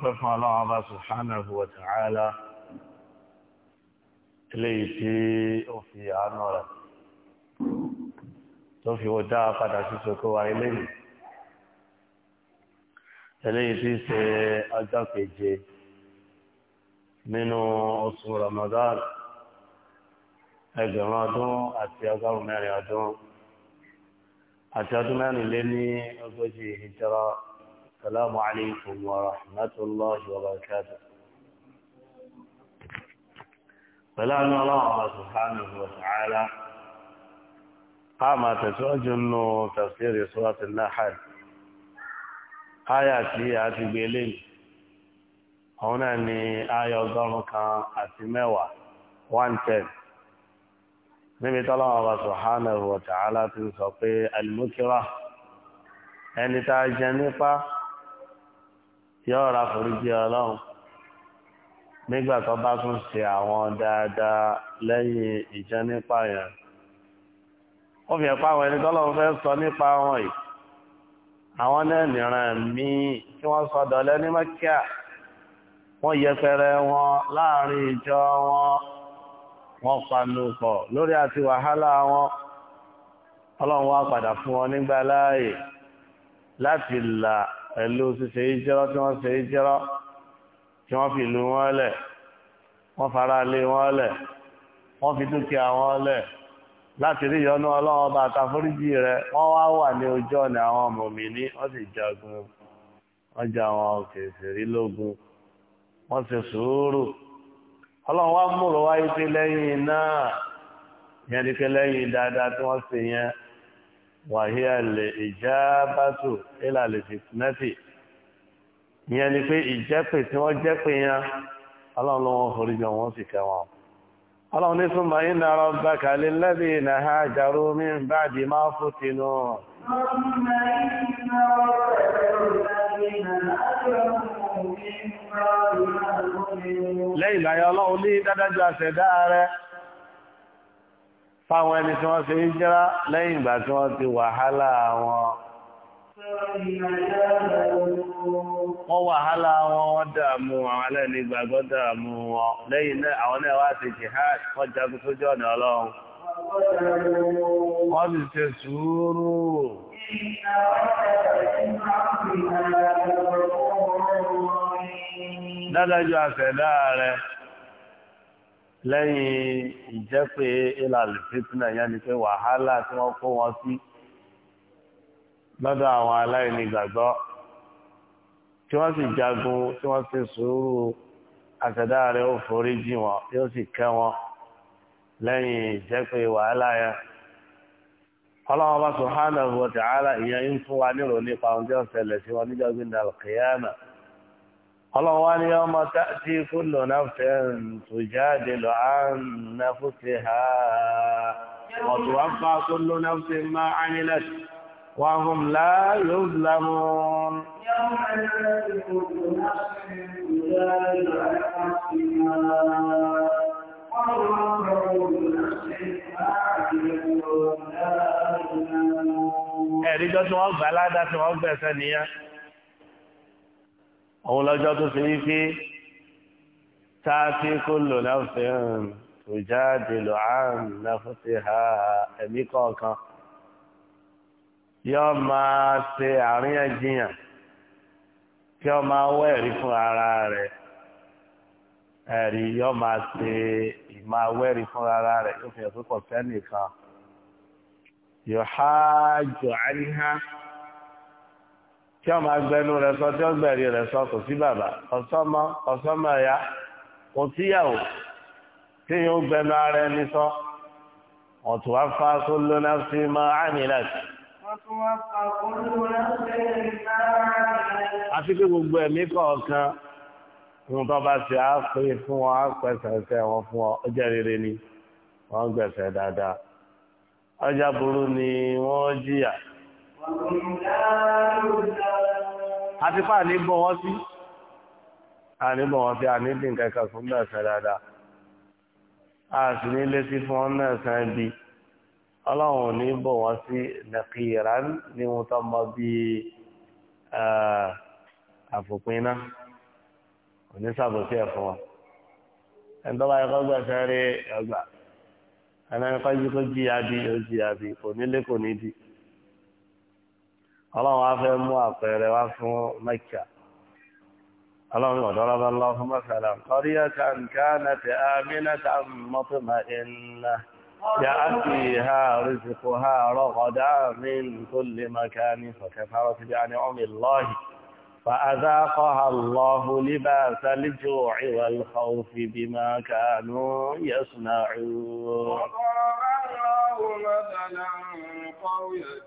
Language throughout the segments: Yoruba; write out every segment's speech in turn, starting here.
ọpẹ́ fún ọlọ́run ọba subhanahu wa ta'ala eléyìí tí ó fi àánú rẹ̀ tó fi wọ́n dá padà sí sọ́kọ́ wa eléyìí eléyìí tí ṣe ọjọ́ keje nínú oṣù Ramadan ẹgbẹ̀rún ọdún àti ọgọ́rùn-ún mẹ́rin ọdún àti ọdún mẹ́rin lé ní ogójì ìjọra. السلام عليكم ورحمة الله وبركاته فلعن الله سبحانه وتعالى قام تتوجن تفسير سورة النحل آياتي آتي بيلين هنا ني آية ظنك أتموى 110 نبي طلع الله سبحانه وتعالى تنسى المكره أن تعجنفه yóò ra foríjì ọlọ́run nígbà tó bá tún ṣe àwọn dáadáa lẹ́yìn ìjẹ́ nípa yẹn ó fi ẹ̀pá àwọn ẹni tọ́lọ́run fẹ́ sọ nípa wọn yìí àwọn náà nìran míì tí wọ́n sọ̀dọ̀ lẹ́ní mọ́kíà wọ́n yẹpẹrẹ wọn láàrin ìjọ wọn wọ́n panu pọ̀ lórí àti wàhálà wọn ọlọ́run wá padà fún wọn nígbà láàyè láti là pẹ̀lú ṣíṣe ìjẹ́rọ́ tí wọ́n ṣe ìjẹ́rọ́ tí wọ́n fi ìlú wọn lẹ̀ wọ́n fara lé wọn lẹ̀ wọ́n fi dúkìá wọn lẹ̀ láti rí ìyọ́nú ọlọ́run ọba àtàforíjì rẹ, wọ́n wá wà ní ojú ọ̀nà àwọn mùmínì wọ́n sì jagun wọ́n àwọn lógun wọ́n sì sùúrù ọlọ́run wá múrò wáyé pé lẹ́yìn náà yẹn ni pé lẹ́yìn dáadáa tí wọ́n wàhíà lè ìjábàtò ìlà lè fìtínẹ́tì ìyẹn ni pé ìjẹ́pè tí wọ́n jẹ́pè yẹn ọlọ́run ló wọ́n forí jọ wọ́n sì kẹ́ wọn. ọlọ́run ní súnmọ́ iná ha fáwọn ẹni tí wọ́n ṣe ń jẹ́ra lẹ́yìn ìgbà tí wọ́n ti wàhálà wọn wọ́n wàhálà wọn wọ́n dààmú àwọn alẹ́ni ìgbàgbọ́ dààmú wọn lẹ́yìn náà àwọn náà wá sí jihad wọ́n jagun sójú ọ̀nà ọlọ́run wọ́n sì ṣe sùúrù dádájú àṣẹ̀dá rẹ̀ lẹ́yìn ìjẹ́pẹ́ ilal fitna yẹn ni pé wàhálà tí wọ́n kó wọn sí lọ́dọ̀ àwọn aláìní gbàgbọ́ tí wọ́n sì jagun tí wọ́n sì sùúrù àtẹ̀dá rẹ̀ ó forí jì wọ́n yóò sì kẹ́ wọn lẹ́yìn ìjẹ́pẹ́ wàhálà yẹn. ọlọ́wọ́n bá ìyẹn ń fún wa nírò nípa ohun tí ọlọ́wọ́n ni ọmọ tí kúlò náà fẹ́ tó jáde lọ àánà fúnfẹ́ ha ọ̀tọ̀ wá fà kúlò náà fẹ́ máa ánilẹ̀ wọ́n hùn láàyò lámọ́ ẹ̀ríjọ́ tí wọ́n gbà ládá tí wọ́n gbẹ̀sẹ̀ nìyẹn òun lọ́jọ́ tó ṣe wípé táàfin kò lò láfihàn tó jáde lò áàrùn láfọ́tì ha ẹ̀mí kọ̀ọ̀kan yóò máa ṣe àríyànjiyàn kí ọ máa wá ẹ̀rí fún ara rẹ̀ ẹ̀rí yóò máa ṣe ìmáa wẹ́rí fún ara rẹ̀ yóò fi hàn pé kọ̀ọ̀kan nìkan yóò hájú tí ọmọ agbẹnu rẹ sọ tí ọgbẹ̀rí rẹ sọ kò sí bàbá ọ̀sọ́mọ ọ̀sọ́mọ ẹ̀yà kò síyàwó tí yóò gbẹnu ara ẹni sọ ọ̀tún wá fa kó ló náà sí mọ́ ánìlẹ́sì. àfi pé gbogbo ẹ̀mí kọ̀ọ̀kan fún tó bá á pé fún wọn á pẹ̀sẹ̀ wọn fún ọ ọjọ́ rere ni wọ́n gbẹ̀sẹ̀ dáadáa ọjà burú ni wọ́n jìyà. àti fáà ní bọ́ wọ́n sí àníbọ̀ wọ́n sí àníbì kankan fún náà sàn a sì ní lé sí fún ọ́n bí ọlọ́run ní bọ̀ sí nàkìyàrán ní wọn tó mọ bí àfòpinná onísàbòsí ẹ̀fọ́ wọn tó bá yẹ kọ́gbà sáré kó bí ó bí kò nílé kò ní ọlọ́run á fẹ́ mú àpẹẹrẹ wá fún mẹ́kà ọlọ́run ọ̀dọ́rọ́bá lọ́fún mọ́sàlá kọ́ríyà kàǹkánà tẹ àmínà tà mọ́tòmá iná yà á sì ha rìsìkò ha rọ́kọ̀dá mi tó lè maka ní fọ̀kẹ́fàrọ́ ti bí a ní ọmọ ìlọ́hì فأذاقها الله لباس الجوع والخوف بما كانوا يصنعون وقال الله مثلا قرية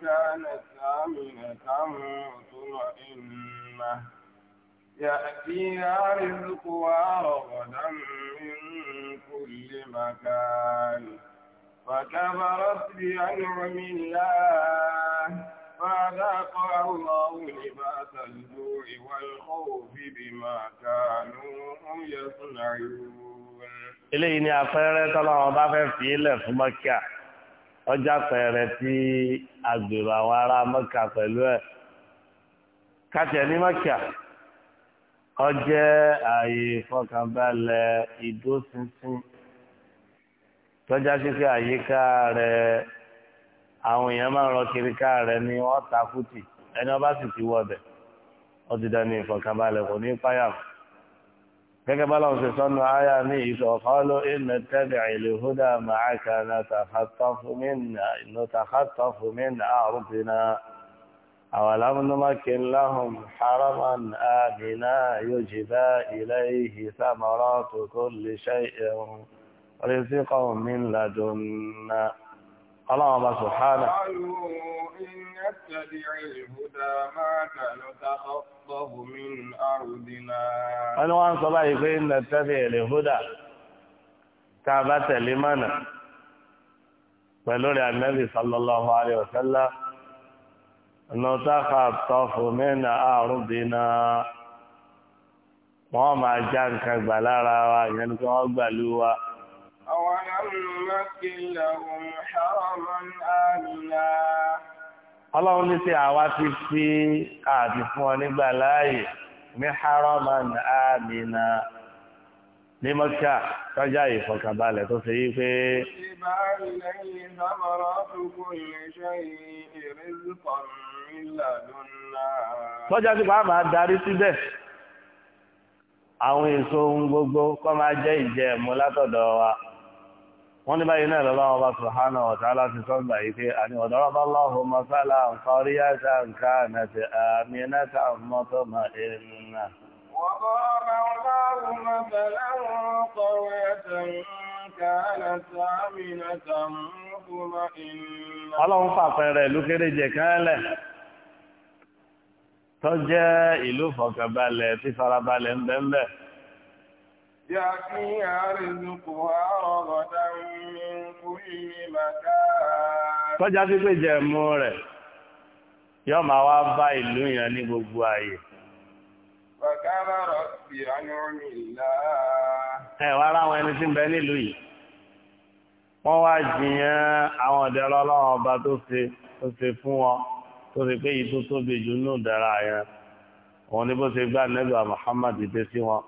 كانت آمنة مطمئنة يأتيها رزقها رغدا من كل مكان فكفرت بأنعم الله فذاقها الله لباس الجوع والخوف بما كانوا يصنعون. eléyìí ni afẹ́rẹ́ tọ́lọ́wọ́n bá fẹ́ fi ilẹ̀ ọjà pẹ̀rẹ̀ tí agbèrò àwọn ará mọ́kà pẹ̀lú ẹ̀ kátìẹ̀ ní mọ́kà ọjẹ́ ààyè ìfọkànbalẹ̀ ìdóṣinṣin tọ́já sísè àyíká rẹ̀ àwọn èèyàn máa ń rọ kiriká rẹ̀ ní wọ́n ta kùtì ẹni ọba sì ti wọ̀ bẹ̀ ó ti dání ìfọkànbalẹ̀ kò ní páyà fún gẹ́gẹ́ bá lọ́wọ́ sí sọ́nà ayá ní ìṣọ̀kọ́lọ́ iná tẹ́bẹ̀ ìlúhúdà màáka na tàkàtọ̀ fúnmínà àrùbìnà àwàlámúnúmákin láhùn haraman àbìnà yóò jìbá ilẹ̀ ìhì sàmọ́rọ́ tó kó lè ṣe ẹ̀rùn rísíkọ̀ min ladùnna ọlọ́wọ́ bá نفضه من أرضنا أنا وأن صلاة يقول نتبع لهدى تابة لمنا فلولي النبي صلى الله عليه وسلم نتخطف من أرضنا wọ́n máa já nǹkan gbà lára wa ìyẹn ni kí wọ́n gbà lú wa. أولم نمكن لهم حرما آمنا ọlọ́run ní sí àwa ti fi àti fún ọ nígbà láàyè ní haraman amina ní mọ́kà tọ́jà ìfọ̀kànbalẹ̀ tó ṣe yí pé. tọ́jà tí bá máa darí síbẹ̀ àwọn èso ohun gbogbo kọ́ máa jẹ́ ìjẹ́ ẹ̀mú látọ̀dọ̀ wa. wọ́n ní báyìí náà ọba sùhánà ọ̀tá láti sọ́nà ìpé àní ọ̀dọ́rọ̀bá lọ́hùn mọ́sálà nǹkan rí àṣà nǹkan àti àmì náà mọ́tò mọ́ ìrìnà. وضرب الله مثلا قرية كانت يأتيها رزقها رغدا من كل مكان tọ́já sí pé jẹ̀mú rẹ̀ yóò máa wá bá ìlú yẹn ní gbogbo ààyè. Bàkárà rọ̀bì ànúrì láàá. Ẹ wá ráwọn ẹni tí ń bẹ nílùú yìí. Wọ́n wá jiyàn àwọn ọ̀dẹ́rọ ọlọ́run ọba tó ṣe tó ṣe fún wọn tó ṣe pé yìí tó tóbi jù nù dára yẹn. Òun ni bó ṣe gbá nẹ́gbà Muhammad dé sí wọn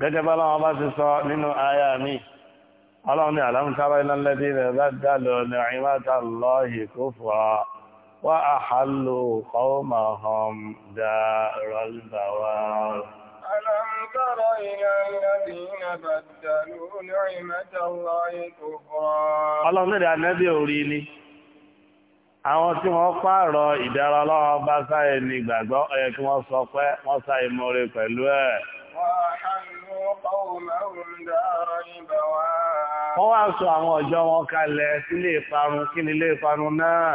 gẹ́gẹ́ bá láwọn bá ti sọ nínú ayá mi ọlọ́run ni àlàmùsára iná lẹ́dí rẹ̀ dájá lọ ní àìmáta lọ́yì kó fọ́ wá àhálò kọ́ọ̀mọ̀hàn dá rọ́lùbáwá ọlọ́run ni ànẹ́bí orí ni àwọn tí wọ́n pààrọ̀ ìdára ọlọ́run bá sáyẹ̀ ní gbàgbọ́ ẹ̀yẹ kí wọ́n sọ pé wọ́n sáyẹ̀ mọ́re pẹ̀lú ẹ̀ Wọ́n wá sọ àwọn ọjọ́ wọn kalẹ̀ sílé ìparun kí ni ilé ìparun náà.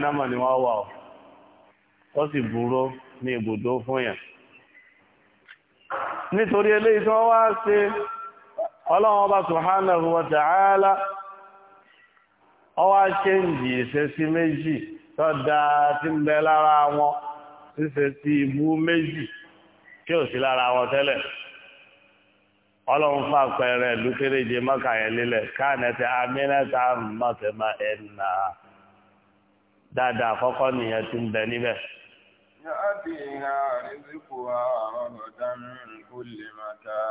na ni wọ́n wà ọ̀, ó sì burú ní ibùdó fún yẹn. Nítorí eléyìí tí wá ṣe, Ọlọ́run ṣe ń jì méjì ń bẹ lára wọn. ṣíṣe tí ibú méjì tí ò sí lára wọn tẹ́lẹ̀ ọlọ́run fà pẹ̀rẹ̀ ìlú kéréje mọ́kà yẹn lélẹ̀ káànẹ́tẹ̀ amínẹ́ta mọ̀tẹ́mọ́ ẹ̀nà dáadáa àkọ́kọ́ nìyẹn ti ń bẹ níbẹ̀.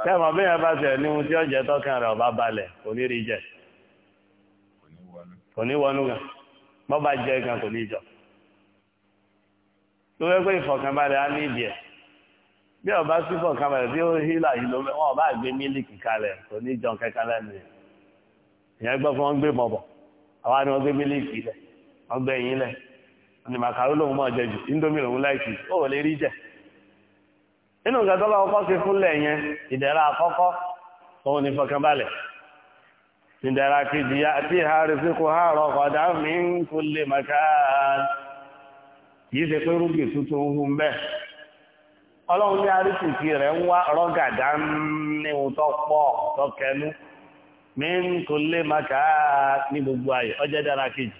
kẹ́mọ̀ bí yẹn bá tẹ̀ ní ohun tí ó tọ́kàn rẹ̀ ọba balẹ̀ kò ní rí jẹ kò ní wọnú gan bọ́ bá jẹ́ gan kò ní jọ. tó ifo pé ìfọ̀kànbalẹ̀ á ní ìdí ẹ̀ bí ọba sí ìfọ̀kànbalẹ̀ bí ó miliki yìí ló wọ́n ọba gbé mílíkì kalẹ̀ kò ní jọ kẹ́kẹ́ lẹ́nu ìyẹn gbọ́ fún wọn gbé mọ̀bọ̀ àwa ni wọ́n gbé lẹ̀ wọ́n gbé yín lẹ̀ wọ́n màkàrú lòun mọ̀ jẹ jù indomie lòun láìkì ó lè rí jẹ tó bá kọ́kọ́ fúnlẹ̀ yẹn ìdẹ̀ra àkọ́kọ́ òun ìdẹ̀ra kejì kìí ṣe pé rúgbì tuntun ń hun bẹ́ẹ̀ ọlọ́run ní arísìkí rẹ̀ ń wá rọ́gàdá ní ohun tó pọ̀ tó kẹnu mi ń kò lè má ká ní gbogbo ayé ọjọ́ dára kejì.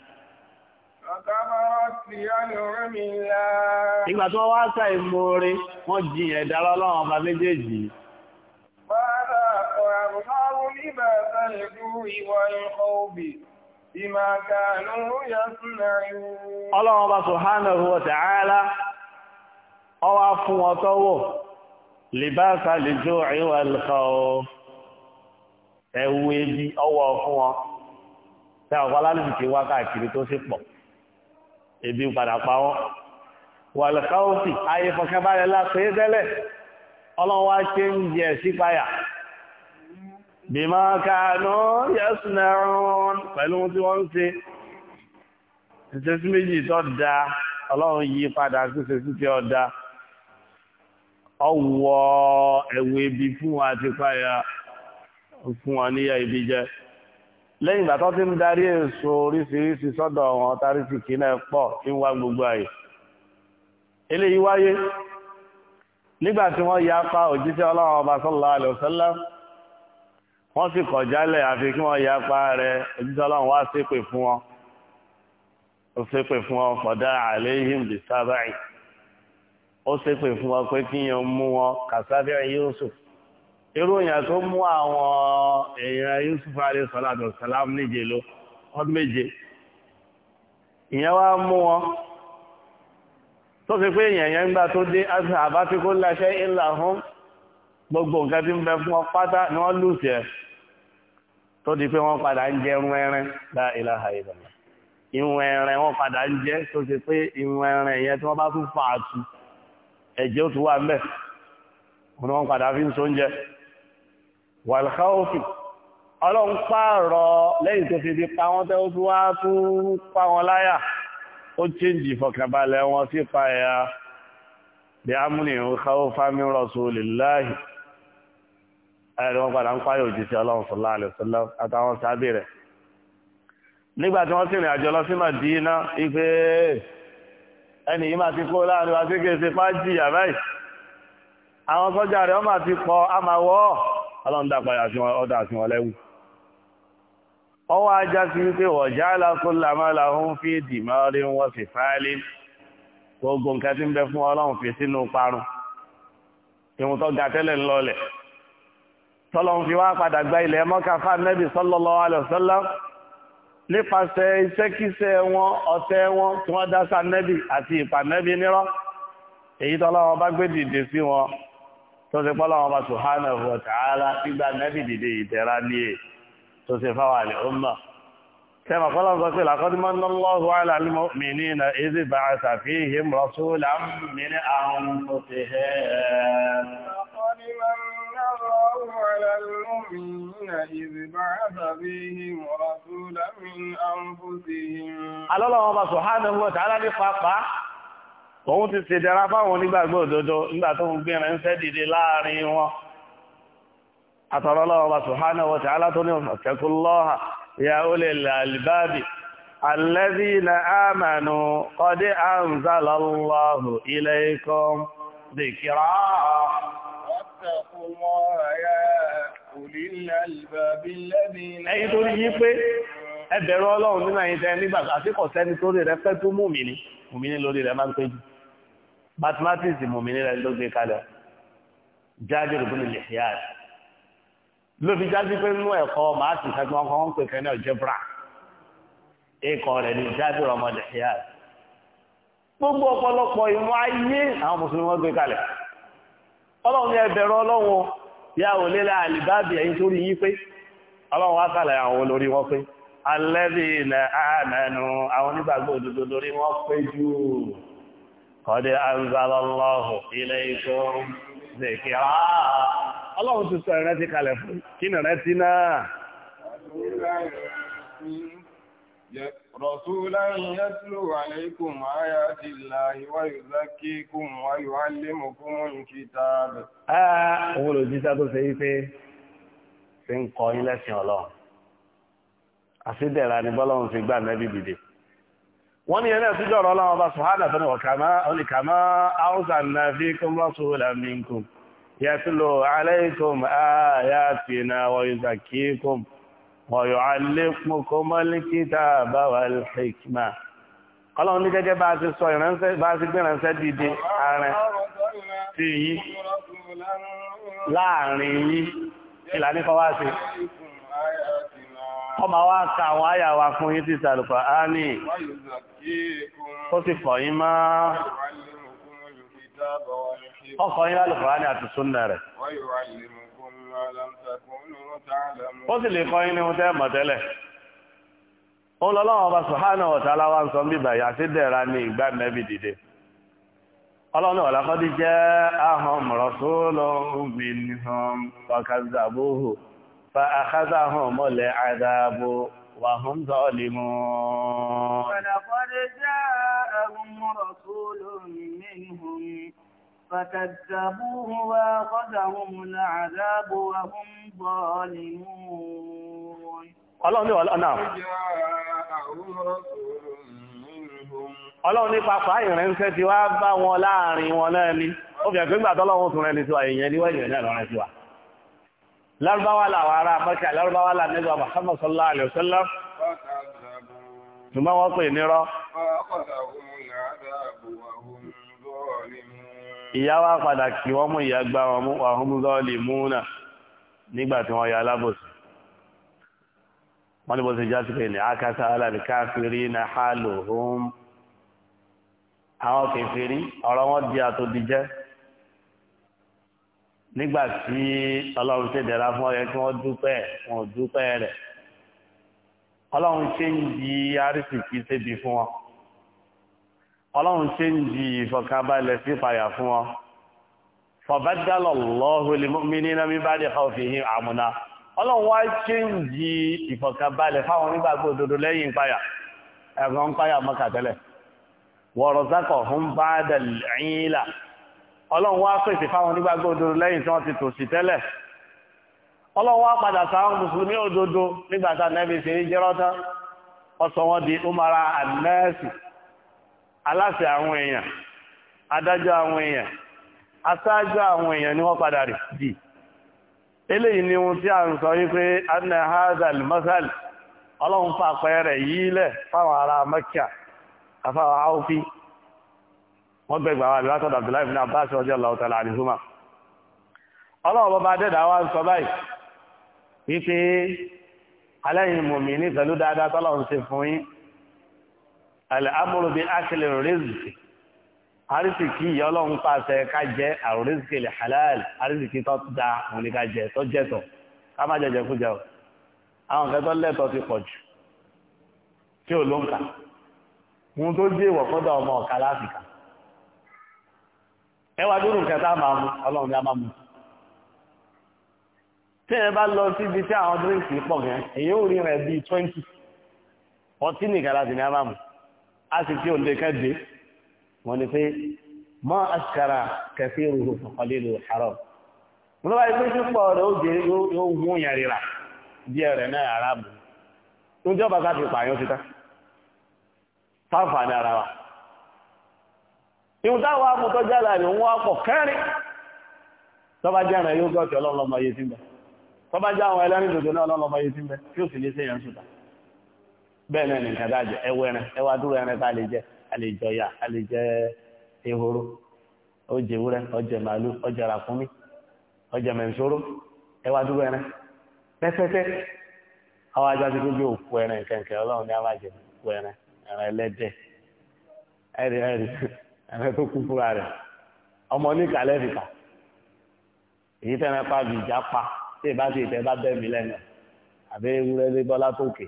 ìgbà tí wá sá ìmoore wọ́n jiyàn dá lọ́lọ́run ọba méjèèjì. bá a dà ọ̀rọ̀ àrùn ní bàtà lè ìwà ìkọ̀ òbí bima kanu yasna'un. ọlọ́run bá subhanahu wa ta'ala ọwá fún wọn tọ́wọ́ libasa al-ju'i wal-khawf ẹ̀wù ebi ọwọ́ fún wọn tẹ́ ọ̀pá lálùbí ti wá káàkiri tó sì pọ̀ ebi padà pa wọ́n wal-khawfi ayé fọkànbalẹ̀ láti tẹ́lẹ̀ ọlọ́run wá ṣe ń jẹ sípayà bímọ́ kánú yẹ́sùnẹ̀rún pẹ̀lú tí wọ́n ń ṣe ìṣẹ́sí méjì tó da ọlọ́run yí padà sí ìṣẹ́sí tí ó da ọwọ́ ẹ̀wọ̀ ibi fún wa ti páyà fún wa níyà ibi jẹ́ lẹ́yìn ìgbà tó ti ń darí èso oríṣiríṣi sọ́dọ̀ wọn tarí ti kí náà pọ̀ kí ń wá gbogbo àyè eléyìí wáyé nígbà tí wọ́n yapa òjíṣẹ́ ọlọ́run ọba sallallahu alaihi wasallam wọ́n sì kọjálẹ̀ àfi kí wọ́n yapa rẹ̀ ojúṣe ọlọ́run wá ṣépè fún wọn ó ṣépè fún wọn fọdá àléhìm lè sábàáyì ó ṣépè fún wọn pé kí yẹn mú wọn kàṣáfẹ́ Yusuf irú yẹn tó mú àwọn èèyàn Yusuf alayhi salatu salam níje ló ọdún méje ìyẹn wá mú wọn tó fi pé èèyàn yẹn gbà tó dé àbátíkó láṣẹ ńlá fún gbogbo nǹkan tí ń bẹ fún ọ pátá ni wọ́n lù sí ẹ tó di pé wọ́n padà ń jẹ irun ẹran la ilaha illallah irun ẹran wọ́n padà ń jẹ tó ṣe pé irun ẹran yẹn tí wọ́n bá tún fà á tu ẹ̀jẹ̀ ó tún wà mẹ́ wọn wọ́n padà fi ń so oúnjẹ wàlúkàófì ọlọ́run pààrọ̀ lẹ́yìn tó fi di pa wọ́n tẹ́ ó tún wá tún pa wọn láyà ó chéǹjì ìfọ̀kànbalẹ̀ wọn sí pa ẹ̀yà bí amúnìyàn káwọ́ fámíràn sólè láàyè ẹ̀rí wọn padà ń pààyè òjíṣẹ́ ọlọ́run sọlá àlẹ́sọlá àtàwọn sábẹ́ rẹ̀ nígbà tí wọ́n sì rìn àjọ lọ sí Màdínà ife ẹnì yìí máa ti kó láàrin wa sí kéèsì pàjì yàrá yìí àwọn sọ́jà rẹ̀ wọ́n máa ti pọ̀ àmàwọ́ ọlọ́run dà padà sí wọn ọ̀dà sí wọn lẹ́wù ọwọ́ ajá sí wípé ọ̀já alákòólà máa làwọn fi dìmọ́rí wọn sì fáálí gbogbo nǹkan tí ń bẹ fún ọlọ́run fi sínú parun ìwọ̀n tó ga tẹ́lẹ̀ ńlọlẹ̀ tọ́lọ́n fi wá padà gba ilẹ̀ mọ́ká fáànẹ́bì sallallahu alaihi wasallam nípasẹ̀ iṣẹ́kíṣẹ́ wọn ọ̀tẹ̀ wọn tí wọ́n dá sánẹ́bì àti ìpànẹ́bì nírọ́ èyí tọ́lọ́wọ́n bá gbé dìde sí wọn tó ṣe pọ́lọ́wọ́n bá subhanahu wa ta'ala gbígbà nẹ́bì dìde ìtẹ̀ra ní è e, tó ṣe fáwọn àlè ọmọ كما قال الله لقد من الله الله على المؤمنين إذ بعث فيهم رسولا من أنفسهم على الله سبحانه وتعالى نفاقا òun ti ṣèdára fáwọn onígbàgbọ́ nígbà tó ń gbìnrin ń fẹ́ dìde láàrin wọn àtọ̀rọ̀lọ́wọ́ bá wa ta'ala ní ittaqullaha ya ulil albabi alladhina amanu qad anzalallahu واتقوا الله يا أولي الألباب الذين ẹ̀yin tó yí pé ẹ bẹ̀rù Ọlọ́run nínú ẹ̀yin tẹ́ nígbà àsìkò sẹ́ni tó rí rẹ fẹ́ tó mùmínì mùmínì lórí rẹ máa ń péjú mathematics mùmínì rẹ ló gbé kalẹ̀ Jabir ibn al-Hayat ló fi jáde pé nínú ẹ̀kọ́ màá sì fẹ́ kí wọ́n ń pè kẹ́ ní algebra ẹ̀kọ́ rẹ̀ ní Jabir ọmọ al-Hayat gbogbo ọ̀pọ̀lọpọ̀ ìmọ̀ ayé àwọn mùsùlùmí wọn gbé kalẹ̀ ọlọ́run ní ẹbẹ̀rẹ̀ ọlọ́run ya ò lélẹ̀ àlìbábì ẹ̀yìn tó rí yí pé ọlọ́run wá àwọn olórí wọn pé alẹ́bí ilẹ̀ àmẹ́nu àwọn onígbàgbọ́ òdodo lórí wọn pé jù kọ́dé anzalọ́lọ́hù ilẹ̀ ikọ́ zèkìrá ọlọ́run ti sọ ìrẹsì kalẹ̀ fún kí رسولا يتلو عليكم آيات الله ويزكيكم ويعلمكم الكتاب àwọn òjíṣẹ́ tó ṣe wípé ṣe ń kọ́ yín lẹ́sìn ọlọ́run àṣídẹ̀ra ni bọ́lọ́run fi gbà nẹ́bí dìde wọ́n ní ẹlẹ́ẹ̀ tíjọ́ ọ̀rọ̀ ọlọ́run ọba sùhánà tó ní ọ̀kàmá arsalna fikum rasulan minkum yatlu alaykum ayatina wa yuzakkikum ويعلمكم الكتاب والحكمة ọlọ́run ní gẹ́gẹ́ bá ti sọ ìránṣẹ́ bá ti gbé ìránṣẹ́ dìde ààrẹ sí yí láàrin yí ìlà nípa wá sí ọmọ wá ka àwọn àyà wa fún yí ti sàlùfà á ní ó sì fọ̀ yí máa ọkọ̀ yí lálùfà á ní àti súnnà rẹ̀ ó sì lè kọ́ inú tẹ́ mọ̀ tẹ́lẹ̀ ó lọ lọ́wọ́ ọba sùhánà ọ̀tá aláwá ń sọ bí bàyà sí dẹ̀ra ní ìgbà nẹ́bì dìde ọlọ́run ọ̀la jẹ́ ahọ́n mọ̀rọ̀sọ́lọ́ minhum فكذبوه وأخذهم العذاب وهم ظالمون الله ní ọlọ́run náà ọlọ́run ní papà ìrìnṣẹ́ ti wá bá wọn láàrin wọn náà ni ó fi ẹ̀gbẹ́gbà tọ́lọ́run tún rẹ̀ ní tiwa èèyàn ní wẹ́yìn náà lọ́rẹ́ tiwa lárúbáwá làwọn ará mọ́ṣà lárúbáwá là nígbà Muhammad sallallahu alaihi wọ́n pè nírọ́ ìyá wá padà kí wọ́n mú ìyá gbá wọn mú ọ̀hún gọ́ọ̀lì múnà nígbà tí wọ́n ya alábòsí wọ́n ní bó ṣe já sí pé ní akásá aláàbí káfírí na hálò hóum àwọn kèfèrí ọ̀rọ̀ wọn di àtòdìjẹ́ nígbà tí ọlọ́run ṣe dẹ̀ra fún ọyẹ kí wọ́n dúpẹ́ wọn dúpẹ́ rẹ̀ ọlọ́run ṣe ń di arísìkí sébi fún wọn ọlọ́run ṣe ń di ìfọ̀kànbalẹ̀ sí ìpayà fún wọn fọ̀bẹ́dálọ̀ lọ́hùn lèmọ́mí ní nàmí bá dẹ̀ fáwọn fìhín àmúná ọlọ́run wá ṣe ń di ìfọ̀kànbalẹ̀ fáwọn onígbàgbọ́ òdodo lẹ́yìn ìpayà ẹ̀rọ ń páyà mọ́kà tẹ́lẹ̀ wọ̀rọ̀sákọ̀ ń bá dẹ̀lẹ́yìnlá ọlọ́run wá pèsè fáwọn onígbàgbọ́ òdodo lẹ́yìn tí wọ́n ti tòṣì tẹ́lẹ̀ ọlọ́run wá padà sáwọn mùsùlùmí aláṣẹ àwọn èèyàn adájọ́ àwọn èèyàn aṣáájú àwọn èèyàn ni wọ́n padà di eleyi eléyìí ni ohun tí a ń sọ wípé anna hazal masal ọlọ́run fà pẹ́rẹ̀ yílẹ̀ fáwọn ará mẹ́kíà àfáwọn áwọ́fí wọ́n gbẹ̀gbà wà látọ̀dọ̀ abdullahi ní àmúrò bíi akílẹ̀ rìzìkì àrísìkì ìyá ọlọ́run pàṣẹ ká jẹ àrísìkì lè halal àrísìkì tó da òun ni ká jẹ tó jẹtọ ká má jẹjẹ kú jẹ o àwọn kẹtọ lẹtọ ti pọ̀ jù tí ò ló ń kà ohun tó dé ìwọ̀kọ́dọ̀ ọmọ ọ̀ka láfíkà ẹwà dúró kẹta máa mú ọlọ́run ya máa mú tí ẹ bá lọ síbi tí àwọn dírìnkì pọ̀ yẹn èyí ò rí rẹ̀ bíi twenty ọtí nìkan láti ní a máa mú. asìkí òǹdè kẹ́dẹ̀ wọ́n ni pé mọ́ aṣkara kẹfí ruhu fọ̀kọ̀lélù haram wọ́n wáyé pé púpọ̀ rẹ̀ ó jẹ́ yóò gún yẹn rírà bí ẹ̀rẹ̀ náà arábù tó jọba ká fi pààyàn síta fáfàní ara wa ìhun táwọn amútọ́ jálà ni ní bẹ́ẹ̀ náà nìkan dájọ ẹwọ ẹran ẹwà dúró ẹran lè jẹ a lè jẹ ehoro ọjẹ ewúrẹ́ màálù ọjẹ ràkúnmí ọjẹ mẹ̀nsóró ẹwà dúró ẹran pẹ́pẹ́pẹ́ àwọn ajá tó gbé òkú ẹran kẹ̀kẹ́ ọlọ́run ní alájẹ òkú ẹran ẹran ẹlẹ́dẹ̀ ẹ̀rì ẹ̀rì ẹran tó kú fúra rẹ̀ ọmọ oníkàlẹ́ fìkà èyí tẹ́ran pa ti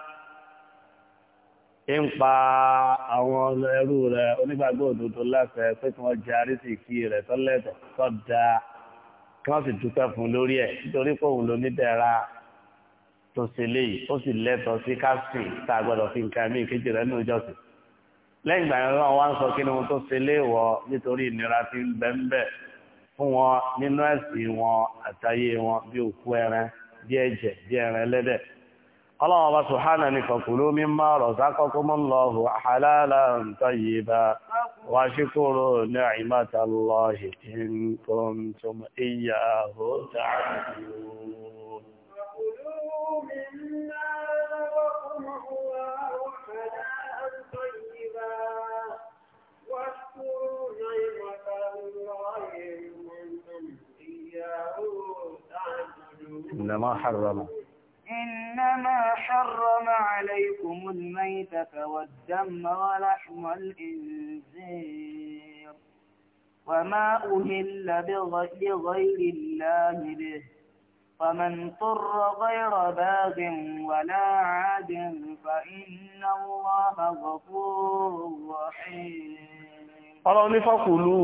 ń pa àwọn ẹrú rẹ̀ onígbàgbọ́ òdodo láṣẹ pé kí wọ́n jẹ àrísìkí rẹ̀ tọ́lẹ̀tọ̀ tọ́ da kí wọ́n sì dúpẹ́ fún lórí ẹ̀ nítorí pé òun ló ní dẹ̀ra tó ṣe léyìí ó sì lẹ́tọ̀ọ́ sí kásìn tá a gbọ́dọ̀ fi nǹkan míì kejì rẹ̀ ní ìjọsìn lẹ́yìn ìgbà yẹn lọ́wọ́ wá ń sọ kí ni ohun tó ṣe léèwọ̀ nítorí ìnira tí ń bẹ ń bẹ fún wọn nínú ẹ̀sìn wọn àtayé wọn bí òkú ẹran bí ẹ̀jẹ̀ bí ẹran ẹlẹ́dẹ̀ قال الله سبحانه فكلوا مما رزقكم الله حلالا طيبا واشكروا نعمة الله إن كنتم إياه تعبدون إنما حرمه حرم عليكم الميتة والدم ولحم الإنزير وما أهل لغير الله به فمن اضطر غير باغ ولا عاد فإن الله غفور رحيم Ọlọ́run ní fọ́kùlú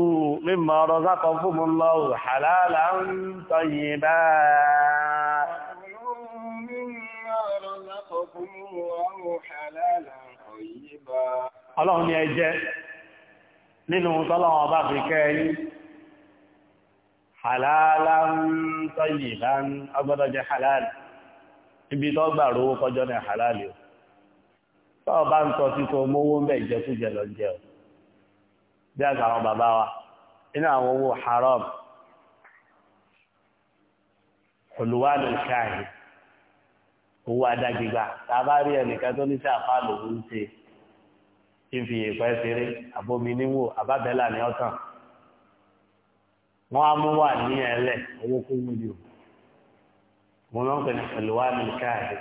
mímọ̀ ọ̀rọ̀ zákọ̀ fún mọ́ lọ́wọ́ halalan tayyiba Ọlọ́run ni ẹjẹ́ nínú tọ́lọ́wọ́n bá fi kẹ́ yí, hàlálà ń tọ́yì lán ọgbọ́dọ̀ jẹ́ hàlálì, ibi tọ́ gbà rówó kọjọ́ ní hàlálì o. Tọ́ọ̀ bá ń tọ́ sí tó mówó ń bẹ̀ jẹkújẹ lọ jẹ o owó adágbégbá tàbá rí ẹnìkan tó ní sí àfá lòun ń ṣe kí n fi èèpẹ́ ṣeré àbomi níwò àbábẹ́là ní ọ̀tàn wọ́n á mú wà ní ẹlẹ́ owó kó wúlò mo máa ń pè ní pẹ̀lú wá ní káàdì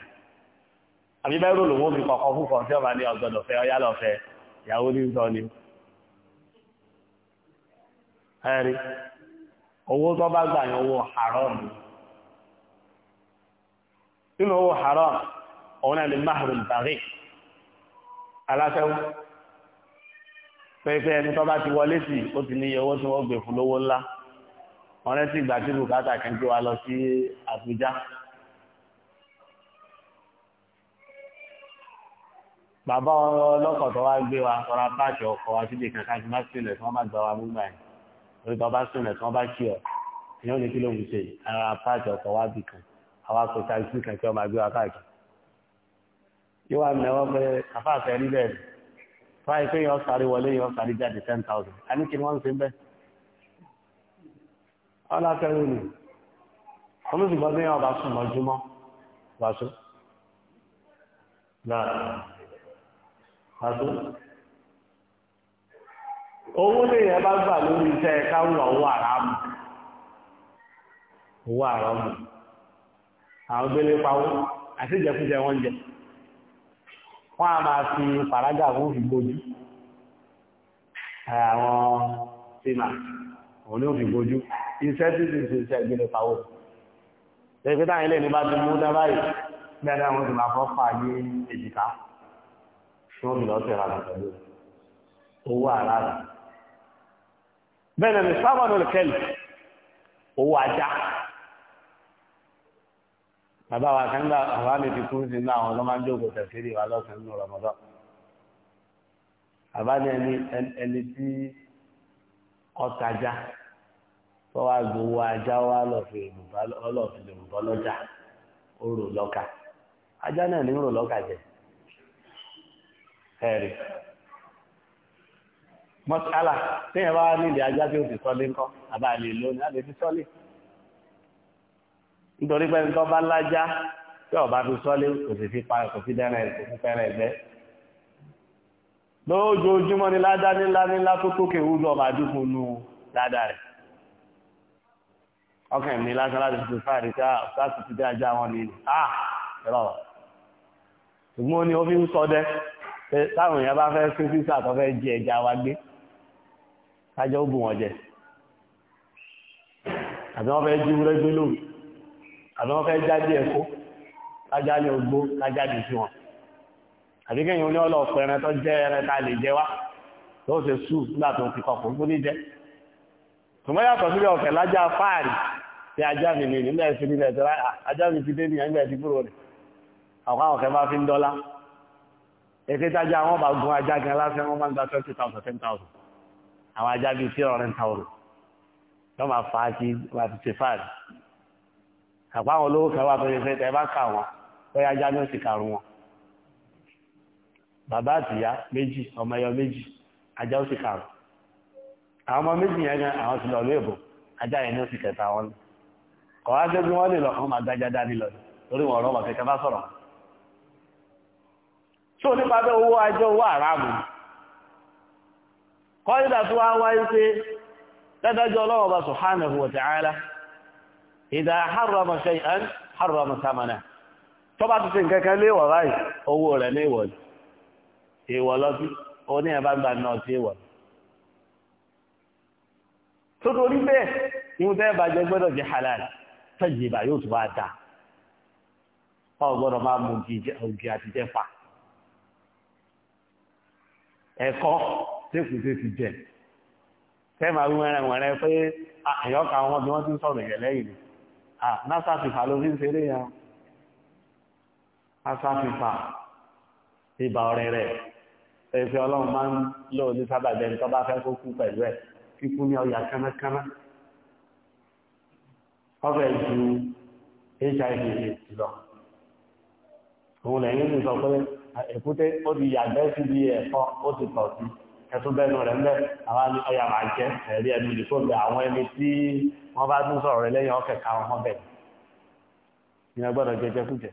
àbí bẹ́ẹ̀ rólò fi kọ̀kọ́ fúnkan tí ọba ní ọgbọ́dọ̀ fẹ́ ọyá lọ fẹ́ ìyàwó ní sọ ni ẹ̀rí owó tó bá gbà yẹn owó haram ni nínú owó haram ọ̀nà lè máhùrùn bàrí aláfẹ́wọ́ pẹ́pẹ́ ẹni tó bá ti wọlé sí ó ti ní owó tí wọ́n gbé fún lówó ńlá wọ́n rẹ́ sí ìgbà tí bùkátà kan gbé wa lọ sí Àbújá bàbá ọlọ́kọ̀ tó wá gbé wa sọ́ra páàkì ọkọ̀ wa síbi kankan tí wọ́n bá sílẹ̀ tí wọ́n bá gbà wá múgbà yìí orí tó bá sílẹ̀ tí wọ́n bá kí ọ ìyẹn ò ní kí ló ń ṣe ara páàkì ọkọ̀ wa bì kan àwa kò ta ìsú kan kí ọmọ àgbé wa káàkiri yóò wá mẹ́wọ́ pé àfáàfẹ́ rí bẹ́ẹ̀ fáyé pé yọ sáré wọlé yọ sáré jáde ten thousand a ní kí wọ́n ń ṣe bẹ́ẹ̀ ọlọ́kẹ́rù ni olùsìgbọ́n bí wọ́n bá sùn mọ́júmọ́ wàásù náà wàásù owó lè yẹ bá gbà lórí iṣẹ́ káwọn owó àràmù owó àràmù àwọn gbélé pawó àti ìjẹkújẹ wọn jẹ wọ́n a máa fi fàrágà fún ìgbójú àwọn tíma òun ní òfìgbójú iṣẹ́ tí ti ṣe iṣẹ́ ìgbélé pawó ẹgbẹ́ táwọn ilé ní bá ti mú dá báyìí bẹ́ẹ̀ wọ́n ti máa fọ́ fà ní èjìká tí wọ́n fi lọ sí ìrànà pẹ̀lú owó ara rẹ̀ bẹ́ẹ̀ ni sábà lọ́lẹ̀kẹ́lì owó ajá bàbá wa kan gbà àwa mi ti kún sínú àwọn ọlọ́mọ ń jókòó tẹ̀síìrì wa lọ́sàn-án nínú rọmọdọ́ bàbá ní ẹni ẹni tí ọtajà tó wá gbowó ajá wa lọ́ọ̀fì lòrùbọ́ lọ́jà ó rò lọ́ka ajá náà ní rò lọ́ka jẹ ẹ̀rí mọ́sálà téèyàn bá wá nílé ajá tí ó ti sọ́lé ńkọ́ àbá lè lónìí á lè sọ́lé nítorí pé nítorí bá lájá tí ọba fi sọ́lé kò sì fi parẹ́ kò fi dẹ́rẹ́ kò fi pẹ́rẹ́ ẹgbẹ́ lójoojúmọ́ ni ládá nílá nílá tó tókè wúlò ọba àdúgbò nù ládá rẹ̀ ọkàn mi lásán láti fi fáàrí ká ah, sáàsì ti dé ajá wọn ni ah ẹ̀rọ ṣùgbọ́n ni ó fi ń sọdẹ táwọn èèyàn bá fẹ́ sí fíṣà tó fẹ́ jẹ ẹja wa gbé kájọ́ ó bù wọ́n jẹ àbí wọ́n fẹ́ jí wúlẹ́gbẹ́ lóhùn àbí wọ́n fẹ́ jáde ẹ̀kọ́ lájáde ogbó lájáde sí wọn àbí kéèyàn ní ọlọ́ọ̀pọ̀ ẹran tó jẹ́ ẹran tá a lè jẹ wá tó ṣe sùn nígbà tó ń fi kọkùn fún ní jẹ tùmọ̀ yàtọ̀ sílẹ̀ ọ̀fẹ́ lájá fáàrí tí ajá mi ní nílẹ̀ sí nílẹ̀ tó ráà ajá mi ti dé ní ẹgbẹ́ ti kúrò rẹ̀ àwọn àwọn ọ̀fẹ́ máa fi ń dọ́lá ètè tájá wọn bá gun ajá gan lásán wọn máa ń gba twenty thousand ten thousand àwọn ajá bíi three hundred thousand wọ́n máa fà á ṣe fáàrí kàpá àwọn olówó kan wà tó ṣe fẹ́ tẹ́ bá kà wọ́n bóyá ajá ní òsì karùn wọn bàbá àtìyá méjì ọmọ ẹyọ méjì ajá òsì karùn àwọn ọmọ méjì yẹn gan àwọn ti lọ ajá yẹn ní òsì kẹta wọn ni wọn lè lọ máa gbájá dání lọ lórí wọn bá tó nípa owó owó àràmù kọ́ nígbà tó wá wáyé pé ọlọ́wọ́ bá ìdá harrama shay'an harrama samana tó bá ti ṣe nǹkan kan léèwọ̀ báyìí owó rẹ̀ ní ìwọ̀ ìwọ̀ lọ́sí oní ẹ̀ bá gbà náà sí ìwọ̀ tó torí bẹ́ẹ̀ ìwọ̀n tẹ́ bàjẹ́ gbọ́dọ̀ jẹ́ halal tẹ́jìbà yóò tún wá dáa ọgbọ́dọ̀ ti jẹ tẹ́ pé àyọ́kà wọn bí wọ́n ti sọ̀rọ̀ lẹ́yìn Ah, násàfífà ló fi ń ṣeré yẹn násàfífà ìbà ọ̀rẹ́ rẹ̀ ẹ̀fẹ́ ọlọ́run máa ń lò ní sábàjẹ́ ní tọ́bá fẹ́ kó kú pẹ̀lú ẹ̀ kíkú ní ọyà kánákáná ọbẹ̀ ju hiv aids lọ òun lẹ́yìn ní sọ pé èkúté ó ti yàgbẹ́ síbi ẹ̀fọ́ ó ti tọ̀ sí ẹ̀tún bẹ́nu rẹ̀ ńlẹ̀ àwọn ní ọya máa jẹ́ ẹ̀rí ẹnu ìdí fún àwọn ẹni tí wọ́n bá tún sọ̀rọ̀ rẹ̀ lẹ́yìn ọkẹ̀ ká wọn bẹ̀ ní agbọ́dọ̀ jẹjẹ kújẹ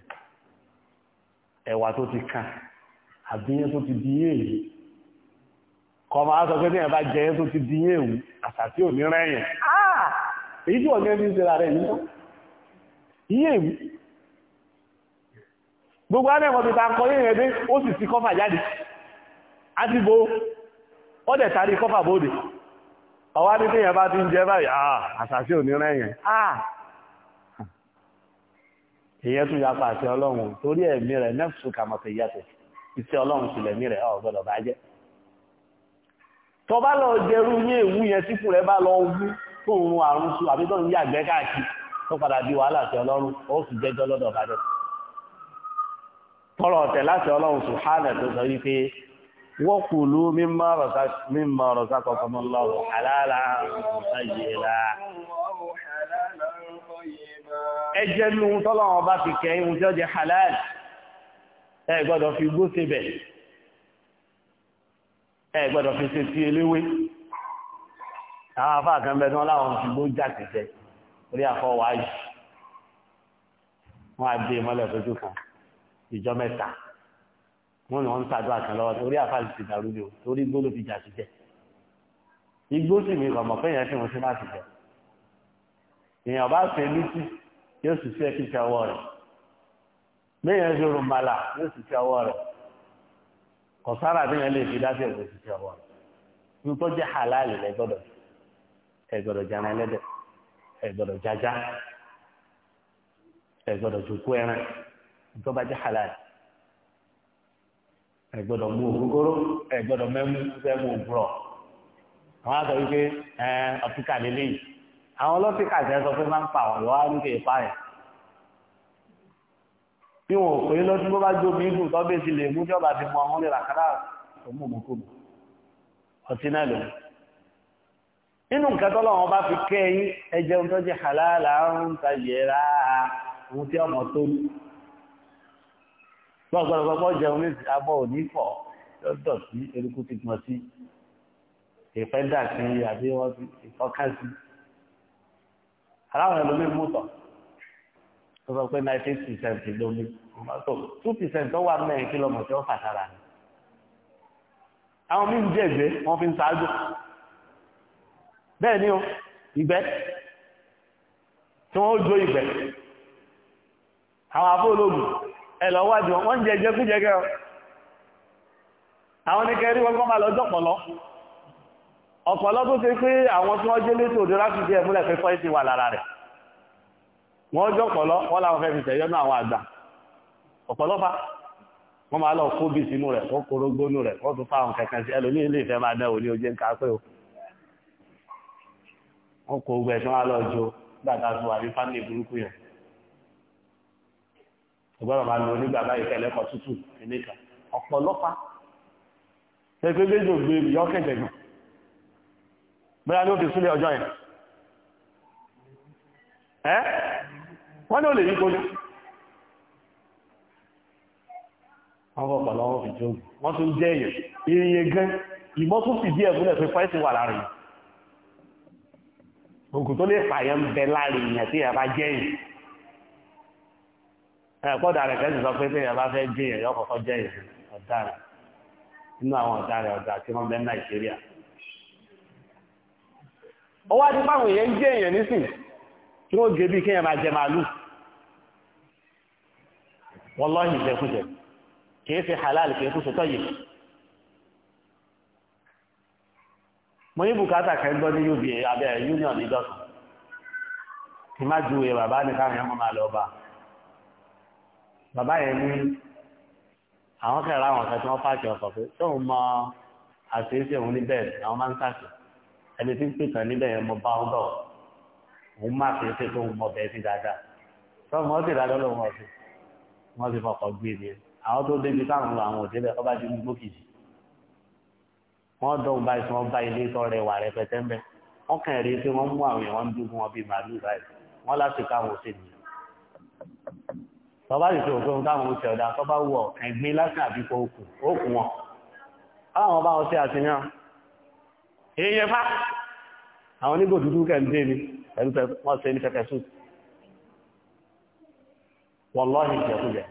ẹ̀wà tó ti kàn àbí yẹn tó ti di èyí kọ́ máa sọ pé níyàn bá jẹ yẹn tó ti di èwù àṣà tí ò ní rẹ̀yìn ah! èyí tí ọ̀gẹ́ ní ìṣẹ́ra rẹ̀ yìí iye ìwú gbogbo anẹ́mọ̀ ti ta kọ yẹn dé ó sì ti kọ́fà jáde àti bo wọ́n dẹ̀ tàrí kọ́fà bóde ọwá ní tí yẹn bá ti ń jẹ báyìí àà àṣàṣì òníran èèyàn àà èèyàn tún yapa àṣẹ ọlọ́run torí ẹ̀mí rẹ̀ nẹ́fṣù kàmọ̀tẹ̀ yàtẹ̀ iṣẹ́ ọlọ́run sì lẹ̀mí rẹ̀ ọ̀ gbọ́dọ̀ bá jẹ́ tó bá lọ jẹrú ní èwú yẹn síkù rẹ̀ bá lọ wú tó ń run àrùn sùn àbí tó ń yàgbẹ́ káàkiri tó padà di wàhálà àṣẹ ọlọ́run ó sì وكلوا مما رزق مما رزقكم الله حلالا طيبا ẹjẹ́ ní ohun tọ́lọ́wọ́n bá fi kẹ́ ohun tí ó jẹ́ halal ẹ gbọ́dọ̀ fi gbó sebẹ̀ ẹ gbọ́dọ̀ fi ṣe sí eléwé àwọn afá kan bẹ́ẹ̀ tí wọ́n láwọn fi gbó já orí ìjọ mẹ́ta wọn ni wọn ń sàdó àkàn lọ́wọ́ torí àfáàlì ti dàrú ni o torí igbó ló fi jà sí jẹ igbó sì mi ọmọ fẹyìn ẹsìn wọn sí má sì jẹ èèyàn bá fẹ́ lùtì yóò sì fẹ́ kíkẹ ọwọ́ rẹ̀ bẹyẹn ṣe rùmàlà yóò sì fẹ́ ọwọ́ rẹ̀ kọsára bẹyẹn lè fi dáṣẹ ìwé sì fẹ́ ọwọ́ rẹ̀ nítorí jẹ halali lẹ gbọ́dọ̀ ẹ gbọ́dọ̀ jẹun ẹlẹ́dẹ̀ ẹ gbọ́dọ̀ jájá ẹ gbọ́dọ̀ jòkó ẹran nítorí bá jẹ halali ẹ gbọ́dọ̀ mú ògógóró ẹ gbọ́dọ̀ mẹ́mú sẹ́mu òbúrọ̀ àwọn àtọ̀ wípé ẹ ọtíkà lélẹ́yìí àwọn ọlọ́tíkà jẹ́ sọ pé máa ń pa àwọn lọ́wọ́ ní kéè pààyàn bí wọn ò pé lọ́dún bó bá jó mi gùn tó bẹ́ẹ̀ ti lè mú jọba ti mọ àwọn ìlà kárà tó mú mú kùnú ọtí náà lòun nínú nǹkan tó lọ́wọ́ bá fi kẹ́ ẹyin ẹjẹun tó jẹ́ halálà ń ta yẹra ohun tí ọmọ tó ní gbọ́gbọ́gbọ́ jẹun ní abọ́ òní pọ̀ lọ́dọ̀ sí eruku ti gbọ́n sí ìfẹ́dà sí àbí wọ́n ti ìfọ́ká sí. aláwọn ẹlòmíín mọ́tọ̀ tó sọ pé ninety percent lómi mọ́tò two percent tó wà mẹ́rin kílọ̀mọ̀ tí ó fà sára ni. àwọn míín jẹ̀gbẹ́ wọ́n fi ń ṣáájú. bẹ́ẹ̀ ni o ìgbẹ́ tí wọ́n ó jó ìgbẹ́ àwọn afọ́ ológun ẹ̀lọ wájú wọ́n jẹ jẹ́ kújẹ gẹ́ àwọn ní kẹrí wọ́n máa lọ́jọ́ pọ̀lọ́ ọ̀pọ̀lọ́ tó ṣe pé àwọn tí wọ́n jẹ́ létò òdó láti jẹ́ ẹ̀múlẹ̀ fẹ́ fọ́ ti wà lára rẹ̀ wọ́n jọ pọ̀lọ́ wọ́n láwọn fẹ́ fi tẹ̀yọ́nú àwọn àgbà ọ̀pọ̀lọ́ fa wọ́n máa lọ kó bí sínú rẹ̀ wọ́n kóró gbónú rẹ̀ wọ́n tún fáwọn kẹ̀kẹ́ sí ẹlòmí ilé ìfẹ́ máa dẹ́wò ní ojú nǹkan pé o wọ́n kó gbẹ̀ tí wọ́n á lọ jo gbàgbà fún wa ní fámìlì burúkú yẹn ìgbọ́dọ̀ máa lo onígbà báyìí kẹlẹ́ kọ tútù ìníkà ọ̀pọ̀lọ́pá pẹ̀pẹ́ méjì ò gbé ìyọ́ kẹ̀jẹ̀ gùn bẹ́ẹ̀ ni ó fi súnlẹ̀ ọjọ́ yẹn ẹ́ wọ́n ní ó lè yí kó ní wọ́n fọ́ pẹ̀lú ọwọ́ fìjọ́ wọ́n tún jẹ́ èyàn iye gan ìmọ́ tún fìdí ẹ̀fúnlẹ̀ pé fáìsì wà láàrin òkú tó lè fàyẹ̀ ń bẹ láàrin ẹ̀kọ́dà rẹ̀ kẹ́sì sọ pé tẹ́yà bá fẹ́ jẹ́ ẹ̀yọ́ kọ̀kọ́ jẹ́ inú àwọn ọ̀dà ọ̀dà tí wọ́n bẹ nàìjíríà ó wá ti páwọn èèyàn jẹ́ èèyàn nísìn tí wọ́n jẹ́ bí kéèyàn máa jẹ màálù wọ́n lọ́yìn ìjẹkújẹ kìí ṣe halal kìí kú sọtọ́ yìí mo ní bùkátà kẹ́gbọ́n ní uba abẹ́ union ìdọ́sùn kì má ju ìwà bá ní káwọn èèyàn máa lọ bá a bàbá yẹn ní àwọn kẹrẹ àwọn kan tí wọ́n pààkì pé tóun mọ àṣeyẹsẹ òun níbẹ̀ àwọn máa ń sàkè ẹni tí ń pè tán níbẹ̀ yẹn mo bá ń òun má fi ṣe tóun mọ bẹ́ẹ̀ sí dáadáa tóun mọ́ sí dáadáa lóun mọ̀ sí wọ́n ti gbé ni àwọn tó débi táwọn àwọn òdébẹ̀ ọba ti mú gbókìtì wọ́n dọ̀hùn báyìí tí wọ́n bá ilé tọ́ rẹ̀ wà rẹpẹtẹ ń bẹ kàn rí pé wọ́n mú àwọn èèyàn ń dúró wọn bíi màálù báyìí wọ́n láti ká àwọn òṣèlú tọba lè ṣe òfin táwọn oúnjẹ ọ̀dá tọba wọ ẹ̀gbin lásán àbíkọ okùn okùn wọn àwọn ọba ọtí àtìyàn èèyàn fá àwọn onígbò dúdú kẹ́ǹdé ni pẹ̀lú wọ́n ṣe ní pẹ̀pẹ̀ sùn wọ́n lọ́hìn jẹkújẹ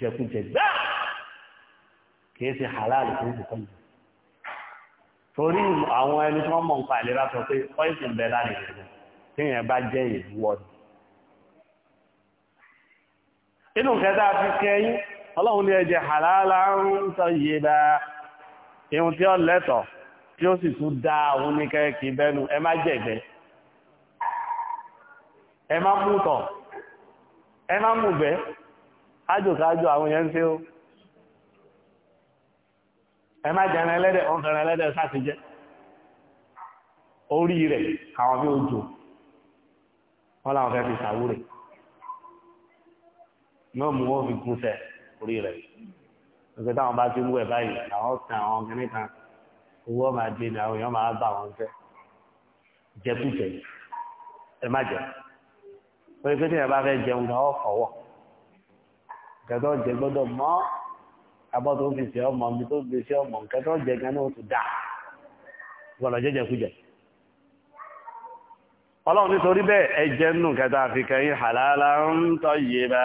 jẹkújẹ gbá kìí ṣe halali fún ìbùkọ́ yìí torí àwọn ẹni tí wọ́n mọ̀ nípa ìlera sọ pé ọ́ìsìn bẹ́ẹ̀ láàrin ìrìn tí yẹn bá jẹ́ ìlú wọ́ọ̀dù inú kẹta fi kẹyìn ọlọ́run ní ẹjẹ hàlálà ń sọ yìí bá ihun tí ó lẹ́tọ̀ tí ó sì tún dá òun ní kẹ́kì bẹ́nu ẹ má jẹ̀gbẹ́ ẹ má mú tọ̀ ẹ má mú bẹ́ ájòkájò àwọn yẹn ń ó ẹ má jẹrin ẹlẹ́dẹ̀ ọ̀n ẹlẹ́dẹ̀ sáti jẹ́ orí rẹ̀ àwọn bí ó jò wọ́n láwọn fẹ́ fi sàwúrẹ̀ náà mú wọn fi kún orí rẹ nígbà táwọn bá ti ń wẹ̀ báyìí àwọn kan àwọn kìnnì kan owó máa dé ní àwọn èèyàn máa bá wọn fẹ́ jẹkújẹ ẹ má jẹ pé pé tíyẹn bá fẹ́ jẹun náà fọwọ́ kẹtọ jẹ gbọ́dọ̀ mọ abọ́ tó fi ṣe ọmọ mi tó fi ṣe ọmọ kẹtọ jẹ ganan ó ti dà gbọ́dọ̀ jẹjẹkújẹ ọlọ́run nítorí bẹ́ẹ̀ ẹjẹ́ nù kẹta àfikẹ́ yìí hàlálà ń tọ́ yé bá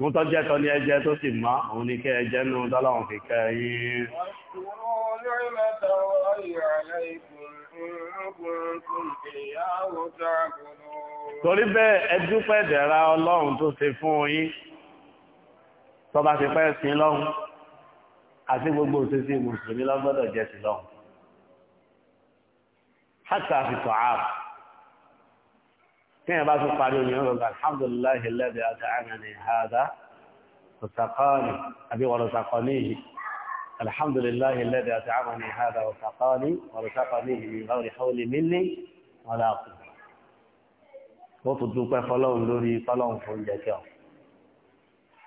mú tọ́ jẹ́ tọ́ ní ẹjẹ́ tó sì mọ́ òun ní kẹ́ ẹjẹ́ nù tọ́lọ́run fìkẹ́ yìí torí bẹ́ẹ̀ ẹ dúpẹ́ dẹ̀ra ọlọ́run tó ṣe fún yín tọ́ba ti pẹ́ sí lọ́hùn àti gbogbo òṣèṣe mùsùlùmí lọ́gbọ́dọ̀ jẹ́ sí lọ́hùn. hátà àfitọ̀ ààbò kíyàn bá tún parí òyìn ọ̀rọ̀ alhamdulillahi alladhi at'amani hadha wasaqani àbí warasaqanihi alhamdulillahi alladhi at'amani hadha wasaqani warasaqanihi min ghayri hawli minni wala quwwata ó tún dúpẹ́ fọlọ́run lórí fọlọ́run fún jẹ́kẹ́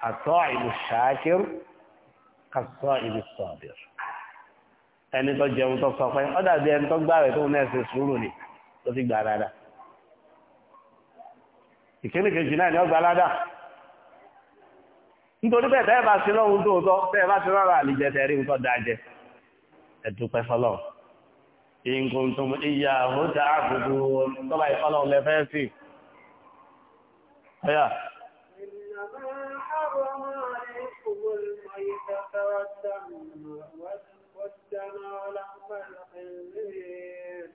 àtọ́ ìlú ṣáàkiri kàṣọ ibi ẹni tó jẹun tó sọ pé ó dàbí ẹni tó gbààwẹ̀ tó náà ṣe sùúrù ni tó fi gbà rárá ìkíni kejì náà ni ó gbà nítorí bẹ́ẹ̀ tẹ́ bá ṣe lọ́hun tó tọ́ tẹ́ bá ṣe rárá àlìjẹ tẹ́ rí nǹkan dáa jẹ ẹ dúpẹ́ fọlọ́ ìǹkùntùn ìyá والدم ولحم الخنزير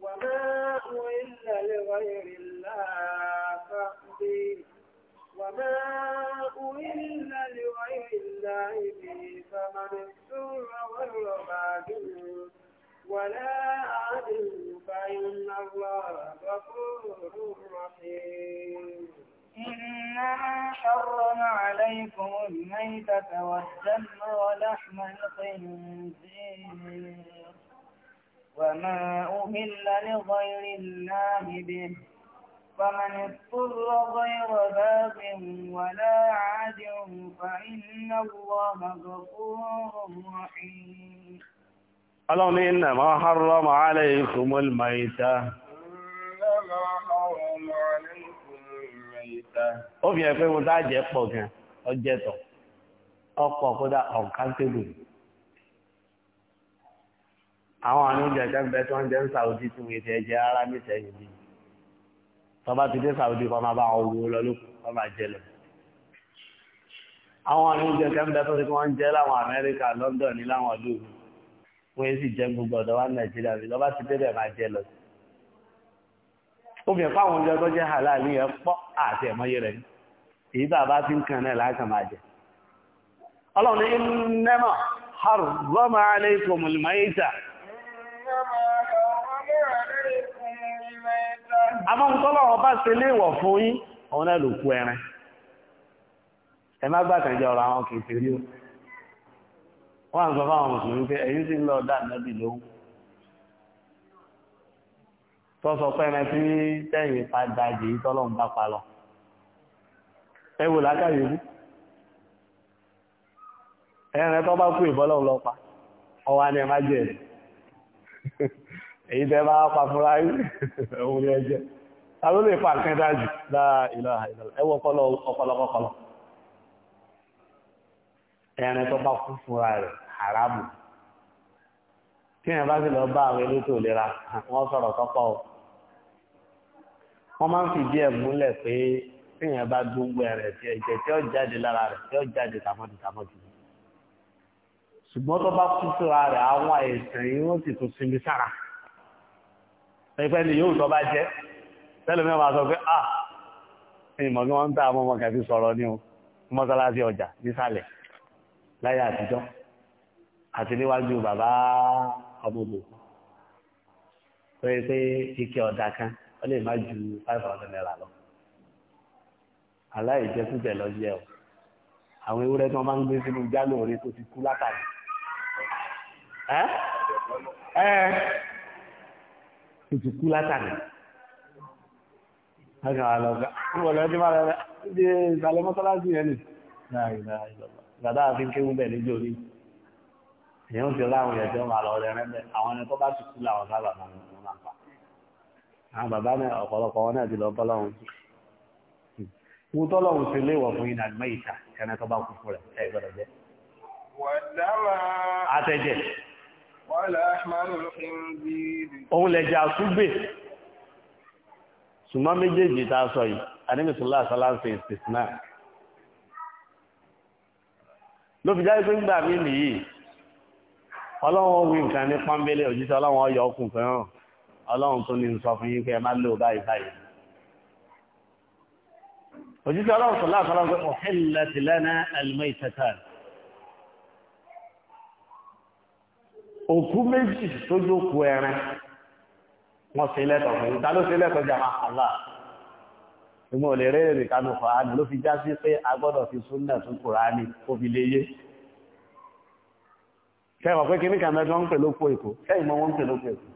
وما أهل لغير الله فأبي وما أهل لغير الله به فمن السر والرباد ولا عدل فإن الله غفور رحيم إنما حرم عليكم الميتة والدم ولحم الخنزير وما أهل لغير الله به فمن اضطر غير باغ ولا عاد فإن الله غفور رحيم اللهم إنما حرم عليكم الميتة إنما حرم عليكم ó fi hàn pé mo dáa jẹ́ pọ̀ gan ọjẹ́ tọ̀ ọ̀pọ̀ kódà ọ̀nkánṣẹ́bù àwọn àánú oúnjẹ kan bẹ tí wọ́n jẹ́ ń Saudi tí wọ́n ti ẹ̀jẹ̀ ara nítẹ̀yìn bí tọ́ba ti dé Saudi kọ́ máa bá àwọn owó lọ lókun kọ́ máa jẹ lọ àwọn àánú oúnjẹ kan bẹ tó ti wọ́n láwọn Amẹ́ríkà London ní láwọn ìlú wọn sì jẹ gbogbo ọ̀dọ́ wa Nàìjíríà bí lọ́ba ti dé bẹ̀ máa jẹ lọ sí obìnrin fáwọn oúnjẹ tó jẹ́ halali yẹn pọ̀ àti ẹ̀mọ́yé rẹ̀ èyí tá bá ti ń kàn náà láàkàn máa jẹ ọlọ́run ní innama harrama alaykumul mayta àmọ́ ń sọ tó pé ẹran tí tẹ̀yìn padà jì í tọ́lọ́run bá pa lọ ẹ lákàyè bí ẹran tó bá kú ìbọ́lọ́run lọ pa ni ẹ má jẹ èyí tẹ́ pa fúnra yìí òun ni ta ló lè fa nǹkan dájú láà ìlànà ìlànà ẹ wọ ọpọlọ wọ́n máa ń fi díẹ̀ múlẹ̀ pé tíyẹn bá dúngbò ẹ̀rẹ̀ tí ẹ̀jẹ̀ tí ó jáde lára rẹ̀ tí ó jáde tàmọ́dì tàmọ́dì ṣùgbọ́n tó bá kú síra rẹ̀ àwọn àìsàn yìí wọ́n sì tún sinmi sára pẹpẹ ni yóò tọ́ bá jẹ́ tẹ́lẹ̀ mẹ́wàá sọ pé ah ìmọ̀ kí wọ́n ń ta àwọn ọmọ kẹfì sọ̀rọ̀ ní o mọ́sálásí ọjà nísàlẹ̀ láyé àtijọ́ àti níwájú bàbá ọmọdé pé pé ike ọ̀dà kan ó lè má ju five hundred naira lọ aláìjẹkújẹ lọ jẹ o àwọn ewúrẹ́ tí wọ́n bá ń gbé sínú jálò orí tó ti kú látàrí ẹ ẹ tó ti kú látàrí láti àwọn àlọ́gá wọ́n lọ sí máa lọ sí ìsàlẹ̀ mọ́tọ́láṣí yẹn nì gbàdá àfi ń kéwú níjó rí èèyàn ti láwọn yẹn tí wọ́n máa lọ rẹ̀ rẹ́ bẹ́ẹ̀ àwọn ẹni tó bá ti kú làwọn sábà máa ń lọ àwọn bàbá náà ọ̀pọ̀lọpọ̀ wọn náà ti lọ bọ́lọ́run mú tọ́lọ́run sí léwọ̀ fún iná àdìmọ́ ìta ẹni tó bá kú fún rẹ̀ ẹ gbọ́dọ̀ jẹ́. àtẹ̀jẹ̀ òun lè jẹ́ àtúgbè ṣùgbọ́n méjèèjì tá a sọ yìí anímísùlá sáláńsì ìsìsìnà ló fi jáde pé ń gbà mí nìyí ọlọ́wọ́n wí nǹkan ní pọ́nbélé òjíṣẹ́ ọlọ́wọ́n ọyọ̀ ọkùnrin fẹ́ràn ọlọ́run tó ní sọ fún yín pé ẹ má lò báyìí báyìí òjíṣẹ́ ọlọ́run sọ̀lá àtàlà pé uhillat lana al-maytatan òkú méjì tó jókòó ẹran wọ́n ṣe lẹ́tọ̀ fún yín ta ló ṣe lẹ́tọ̀ jàmá àlá ìmọ̀ lè rẹ́ èrè kanú fàánì ló fi já sí pé a gbọ́dọ̀ fi súnnà tún Kùránì kó fi lè yé kẹwàá pé kí ní ń pè lóko èkó kẹ́ ìmọ̀ wọn ń pè lóko èkó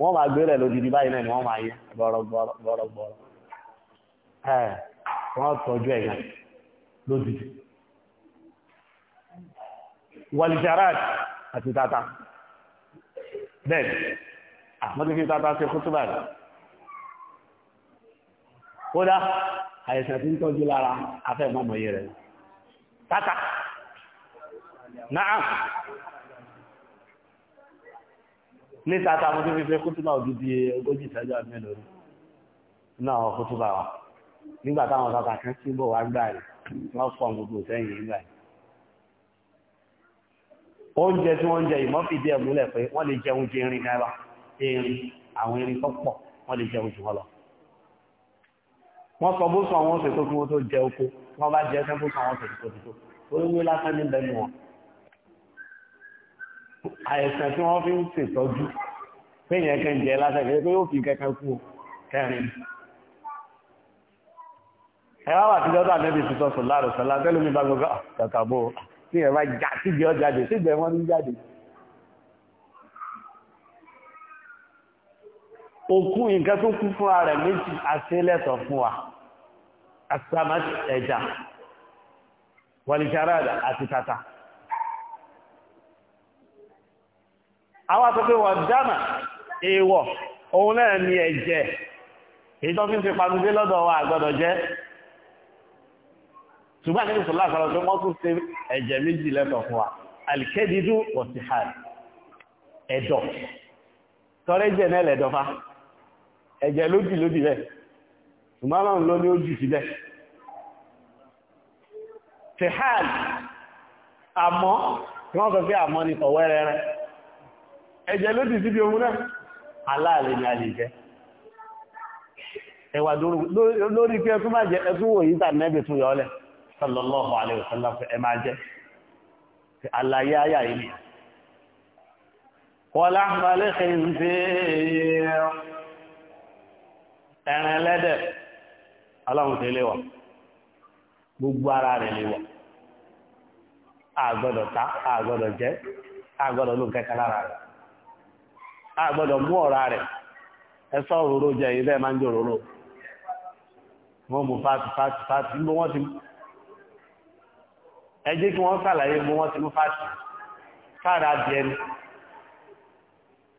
wọ́n máa gbé rẹ̀ báyìí náà ni wọ́n máa yẹ gbọ́rọ̀gbọ́rọ̀ ẹ̀ wọ́n tọ́jú ẹ̀yà lójijì wàlìjàrát àti tata bẹ́ẹ̀ àmọ́tí tata ṣe kútùbà rẹ̀ kódà àìsàn tí ń tọ́jú lára afẹ́ mọ́mọ́ yẹ rẹ̀ tata náà ní tata mo tó fi fẹ́ kútùbà òdúdí ogójì ìṣẹ́jú àbí mélòó ní inú kútùbà wa nígbà táwọn tata kan sí bò wá gbà rẹ̀ wọ́n fọ́ gbogbo sẹ́yìn nígbà yìí oúnjẹ tí wọ́n jẹ ìmọ̀ fìdí ẹ̀ múlẹ̀ pé wọ́n lè jẹun jẹ irin náírà irin àwọn irin tó pọ̀ wọ́n lè jẹun jù wọ́n lọ wọ́n sọ bó sọ àwọn oṣù tó kí wọ́n tó jẹ oko wọ́n bá jẹ sẹ́ńpù sọ àwọn oṣù tó ti tó àìsàn tí wọ́n fi ń ṣètọ́jú péyàn kan jẹ lásán kí yóò fi kankan kú kẹrin ẹwà wà tíjọ́ tó àdébì ti sọ́sọ̀ láàrọ̀ sọ́lá tẹ́lẹ̀ mi bá gbogbo àtàkàbò ah, tí ẹ̀ bá já síbi ọ jáde síbi ẹ̀ wọ́n ní jáde òkú nǹkan tó kú fúnra rẹ̀ méjì àṣẹlẹ̀tọ̀ fún wa àṣàmà ẹja wàlìṣàràdà àti tata àwọn àtọ́pẹ́ wọ̀ dámà èèwọ̀ òun náà ni ẹ̀jẹ̀ èyí tó fi ń fi panudé lọ́dọ̀ wa àgbọ́dọ̀ jẹ́ ṣùgbọ́n àti ìṣòlá àkàrà tó wọ́n tún ṣe ẹ̀jẹ̀ méjì lẹ́tọ̀ fún wa alikẹ́dídú wọ̀tíhàn ẹ̀dọ̀ tọ́rẹ́ jẹ́ náà lẹ́dọ̀fá ẹ̀jẹ̀ lójì lójì bẹ́ẹ̀ ṣùgbọ́n ọlọ́run ló ní ó jù síbẹ̀ tíhàn àmọ́ tí wọ́n sọ pé ẹ̀jẹ̀ ló ti síbi ohun náà aláàrẹ ni a lè jẹ́ ẹwà lórí pé ẹkún máa jẹ ẹkún wò yíta nẹ́bì tún yọ ọlẹ̀ ẹ máa gbogbo ara rẹ̀ àgbọ́dọ̀ ta àgbọ́dọ̀ jẹ́ àgbọ́dọ̀ ló lára rẹ̀ a mú ọ̀rá rẹ̀ ẹsọ́ òróró jẹ èyí bẹ́ẹ̀ máa ń jẹ òróró wọ́n mú fáàtì fáàtì fáàtì wọ́n ti mú ẹ kí wọ́n sàlàyé mú wọ́n ti mú fáàtì sára adìẹ ni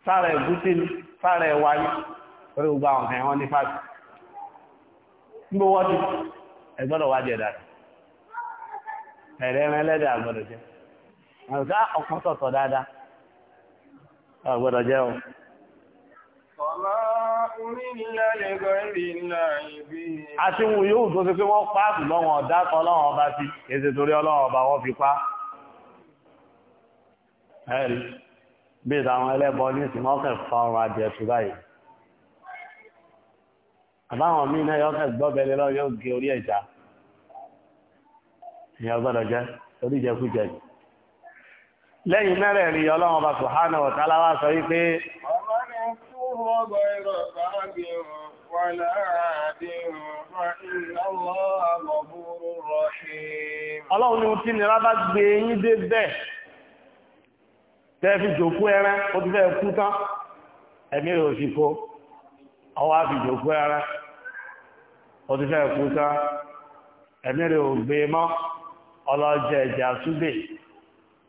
sára ẹ̀gúsí ni sára ẹ̀wà ni orí gbogbo àwọn wọn ní wọ́n ti wá jẹ dáadáa ẹ̀rẹ́ ẹ̀rẹ́ àgbọ̀dọ̀ àgbọ́dọ̀ jẹ́ o. Àti wù yóò tó ṣe pé wọ́n pa lọ́wọ́n ọ̀dá kan ọba sí, èsè torí ọlọ́wọ́n ọba wọ́n fi pa. Ẹ̀rí, bí ìtàwọn ẹlẹ́bọ ní ìsìn wọ́n fa ọrùn adìẹ tù báyìí. Àbáwọn míì náà yọ́kẹ̀ gbọ́bẹ̀lẹ́ lọ́wọ́ yóò gé orí ẹ̀já. Ìyẹn ọgbọ́dọ̀ jẹ́, orí ìjẹkújẹ yìí lẹ́yìn mẹ́rẹ̀ẹ̀rin ọlọ́run ọba subhanahu wa ta'ala wá sọ wípé ọlọ́run ni mo ti nira bá gbé yín dé bẹ́ẹ̀ tẹ́ fi jòkó ẹran ó ti fẹ́ kú tán ẹ̀mí rẹ̀ ò sì kó ọwọ́ á fi jòkó ẹran ó ti fẹ́ kú tán ẹ̀mí rẹ̀ ò gbé mọ́ ọlọ́jẹ̀ ẹ̀jà súbẹ̀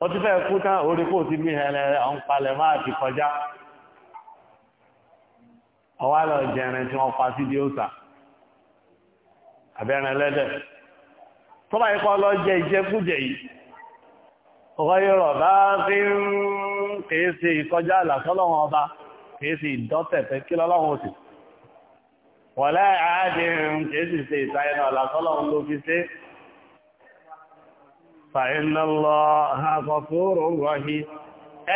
ó ti fẹ́ kú tán orí kò ti bí ẹlẹ́rẹ́ ọ̀n palẹ̀ máa ti kọjá ọwá lọ jẹrin tí wọ́n pa sí díòsà àbẹ́rin ẹlẹ́dẹ̀ tó bá ikọ́ lọ jẹ ìjẹkújẹ yìí ọkọ̀ yọrọ̀ bá fi ń kìí sí ìkọjá àlàsọ́lọ́wọ́n ọba kìí sí ìdọ́tẹ̀fẹ́ kí lọ́lọ́wọ́n òsì wọ̀lẹ́ àádìrín kìí sì ṣe ìtayẹnà àlàsọ́lọ́wọ́n ló fi ṣe فإن الله غفور رحيم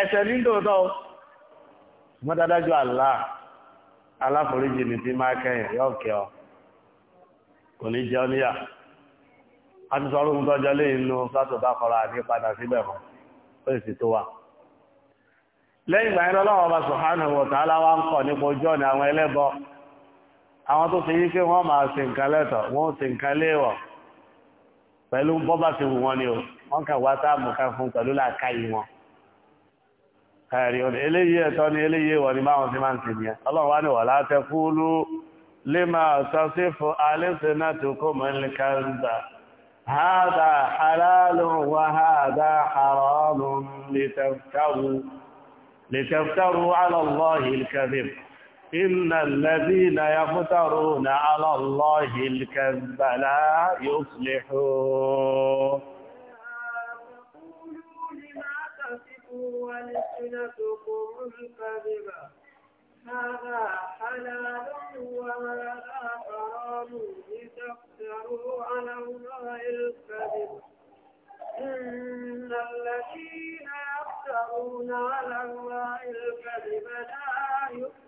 ẹ̀ṣẹ̀ ní tòótọ́ mọ́dádájú àlá aláforíjì ní tí máa kẹyìn yóò kẹ ọ kò ní jẹ́ a ti sọ orúkún tọ́jọ́ lé ní padà síbẹ̀ mọ́ ó sì tó wà lẹ́yìn ọba wa àwọn àwọn pẹ̀lú bọ́bá ti wù wọn ni o wọ́n kà wá sáàmù kan fún pẹ̀lú làákàyè wọn ẹ̀rí ọ̀nà eléyìí ẹ̀tọ́ ni eléyìí wọ̀ ní báwọn sí máa ń sì ní ẹ̀ ọlọ́run wá ní wà látẹ kúlú lè máa sọ sí fún alẹ́sẹ̀ náà tó kó mọ́ ní kárùbà hádà halálùn wà hádà haramun lè tẹ̀fẹ́rù alọ́lọ́hìí kẹfẹ́ إن الذين يفترون على الله الكذب لا يصلحون ولسنتكم الكذب هذا حلال وهذا حرام لتفتروا على الله الكذب إن الذين يفترون على الله الكذب لا يصلحون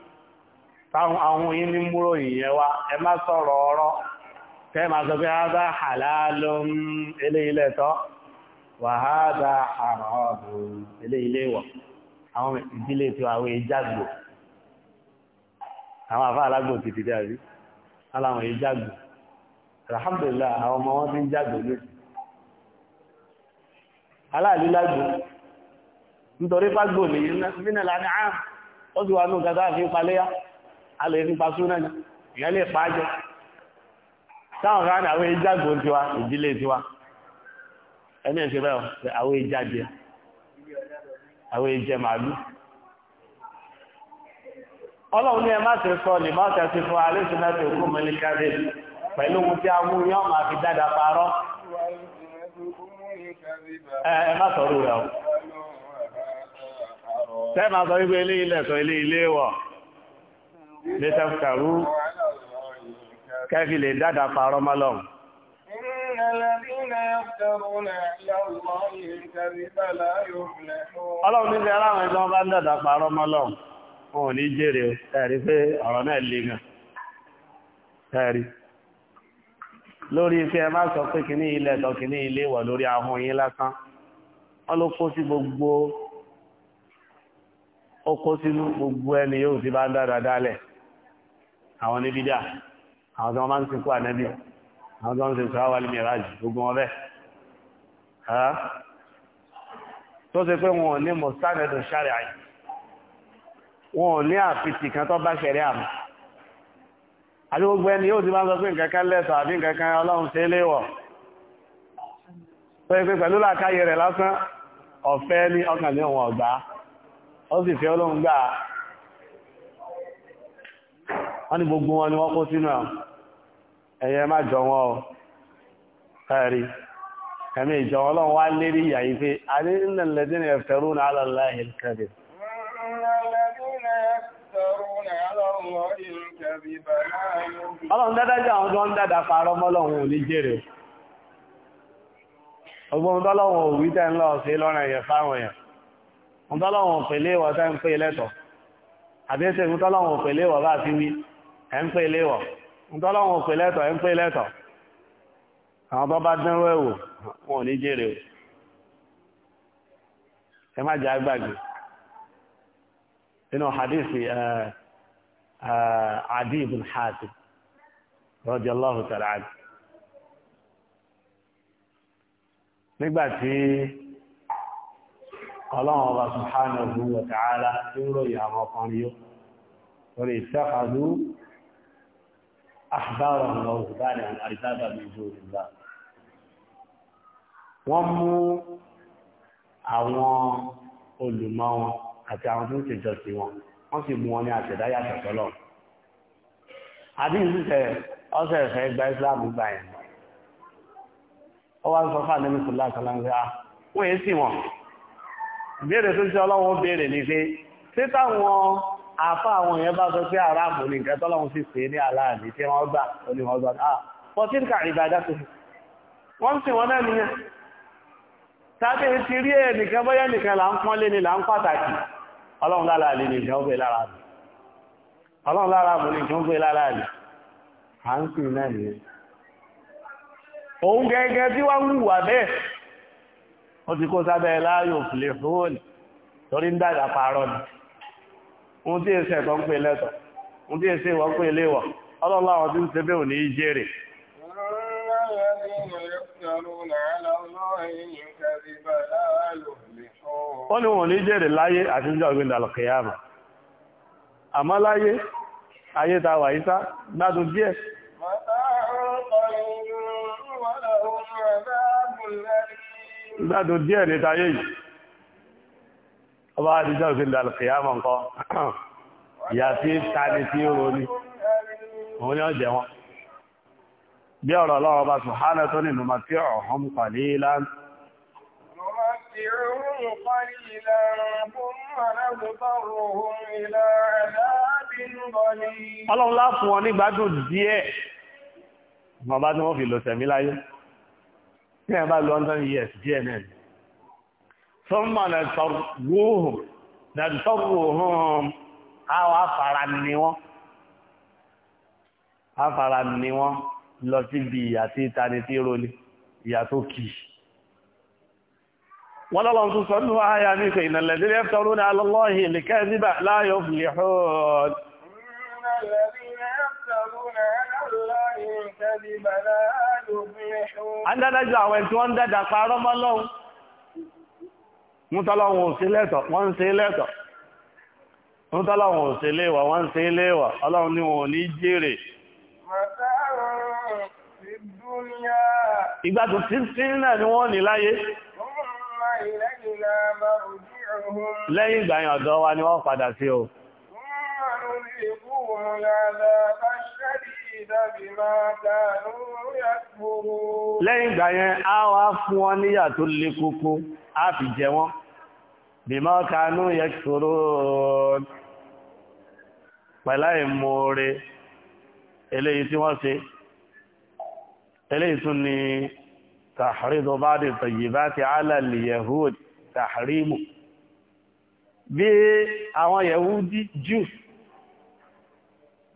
táwọn àwọn yìí ní múrò ìyẹn wá ẹ má sọ̀rọ̀ ọ̀rọ̀ tẹ́ máa sọ pé hádá halalun eléyìnlẹ̀ tọ́ wà hádá haramun eléyìnlẹ̀ wọ̀ àwọn ìdílé tí wà wọ́n ìjágbò àwọn àfá alágbò ti ti dàbí aláwọn ìjágbò alhamdulillah àwọn ọmọ wọn ti ń jágbò lóṣù aláàlú lágbò nítorí fágbò nìyí nínú ìlànà ó sì wà ní nǹkan tá a fi paléyà a lè ìyẹn lè táwọn àwọn tiwa ìdílé tiwa ẹni bẹ́ẹ̀ àwọn ìjáde àwọn ìjẹ màálù ọlọ́run ní ẹ má ṣe sọ ti fún òkú pẹ̀lú ohun tí a mú yán máa fi dáadáa parọ́ ẹ má sọ̀rọ̀ rẹ̀ ọ́ sọ wípé ilé ilẹ̀ sọ ilé ilé wọ̀ létẹ́fùkàrú kẹ́fì lè dáadáa parọ́ mọ́lọ́m. ọlọ́run ní ṣe aláwọn ẹjọ́ bá ń dáadáa parọ́ mọ́lọ́m wọn ò jèrè ẹ̀rí pé ọ̀rọ̀ náà lè gan lórí ẹ sọ pé kìíní ilẹ̀ tọ́ kìíní ilé lórí yín lásán wọ́n ló kó sí gbogbo ó kó sínú gbogbo ẹni yóò ti bá ń dálẹ̀. àwọn oníbídà àwọn tó máa ń sìnkú ànẹ́bí àwọn tó ń ṣe sọ́wọ́ alẹ́ mìíràn gbogbo wọn bẹ́ẹ̀ tó ṣe pé wọn ò ní mọ̀sánẹ́dù ṣáre àyè wọn ò ní àfitì kan tó bá ṣẹ̀rẹ́ àmì àti gbogbo ẹni yóò ti bá ń sọ pé nǹkan kan lẹ́tọ̀ àbí nǹkan kan ọlọ́run ṣe léwọ̀ tó yẹ pé pẹ̀lú làkáyé rẹ̀ lásán ọ̀fẹ́ ní ọkàn ní òun ó sì fẹ́ ọlọ́run gbà wọ́n ní gbogbo wọn ni wọ́n kó sínú ẹ̀yẹ má jọ wọn ọ ẹ̀rí ẹ̀mí ìjọ ọlọ́run wá lérí ìyà yìí pé alẹ́ ìnà lẹ́dínà ẹ̀fẹ̀rú ní alàlá ìkẹ́bẹ̀ ọlọ́run dádájá àwọn tó ń dádá parọ́ mọ́lọ́run ò ní jèrè ọgbọ́n tọ́lọ́run ò wítẹ́ ńlọ sí ń pè lẹ́tọ̀ àbí ẹ̀ ń pè léwọ̀ ntọ́lọ́wọ̀n pè lẹ́tọ̀ ẹ̀ ń pè lẹ́tọ̀ àwọn tó bá ẹ̀wò wọn o ẹ má jẹ́ inú hadith Adi ibn nígbà tí ọlọ́run ọba subhanahu wa ta'ala أحبارهم ورهبانهم أربابا من دون الله wọ́n mú àwọn olùmọ̀ wọn àti àwọn tó ń tẹjọ sí wọn wọ́n sì mú wọn ní àṣẹdá yàtọ̀ sọ́lọ̀ àdínkù tẹ ọsẹ ẹfẹ gba ah, ìbéèrè tó ń ṣe Ọlọ́run ó ní pé ṣé táwọn àfá àwọn èèyàn bá sọ pé àràmù ní nǹkan tọ́lọ́run sì pè ní aláàdì tí wọ́n gbà olè wọ́n gbà náà fọ́tíkà ìbàdá tó fi wọ́n sì wọ́n náà nìyẹn tàbí ti rí ẹnìkan bọ́yá nìkan là ń pọ́n lé ní là ń pàtàkì ọlọ́run láàrín ní ìjọ ń gbé lára rẹ̀ ọlọ́run láàrín ní ìjọ ń gbé lára rẹ̀ à ń ohun tí èsẹ̀ tó ń pè lẹ́tọ̀ ohun tí wọ́n pè léwọ̀ ọlọ́lá tí ń ṣe bẹ́ẹ̀ ní í ó ní wọn ní jèrè láyé àti láyé gbádùn díẹ̀ ní tayé yìí ọba àdìjọ́ ìfẹ́ ìdàlùkìyàmọ̀ nǹkan ìyà tí tani tí ó roni òun ni ó jẹ wọn bí ọ̀rọ̀ ọlọ́rọ̀ bá sùhánà tó nínú ma tí ọ̀hún pàlí ìlànà ọlọ́run láfún wọn ní díẹ̀ tọ́mọ̀ lẹ́tọ̀rọ̀hùn lẹ́tọ̀rọ̀hùn àwọn afárá ni wọ́n afárá ni wọ́n lọ síbi ìyà tí tani tí roli ìyà tó kì í wọ́n lọ́lọ́ tún sọ nínú àyà ní ìfẹ̀ ìnàlẹ̀ nílé ẹ̀fẹ́rún ní alọ́lọ́hìn lèkẹ́ níbà láyọ̀ fìlìhùn Adádájọ́ wọ́n tọ́lọ́wọ́n ò sí lẹ́tọ̀ wọ́n ń ṣe lẹ́tọ̀ wọ́n tọ́lọ́wọ́n ò sí léwà wọ́n ń ṣe léwà ọlọ́run ni wọ́n ní jèrè ìgbà tó tí sí náà ni wọ́n ní láyé lẹ́yìn ìgbà yẹn ọ̀dọ̀ wa ni wọ́n padà sí o lẹ́yìn ìgbà yẹn a wá fún wọn níyà tó le koko a fi jẹ wọn bìmọ́ كانوا yẹ ṣòro pẹ̀lá ìmoore eléyìí tí wọ́n ṣe eléyìí tún ni tàhrídọ̀ bá dì tàyíbá ti alàlì yahud tàhrímù bí àwọn yahudi jews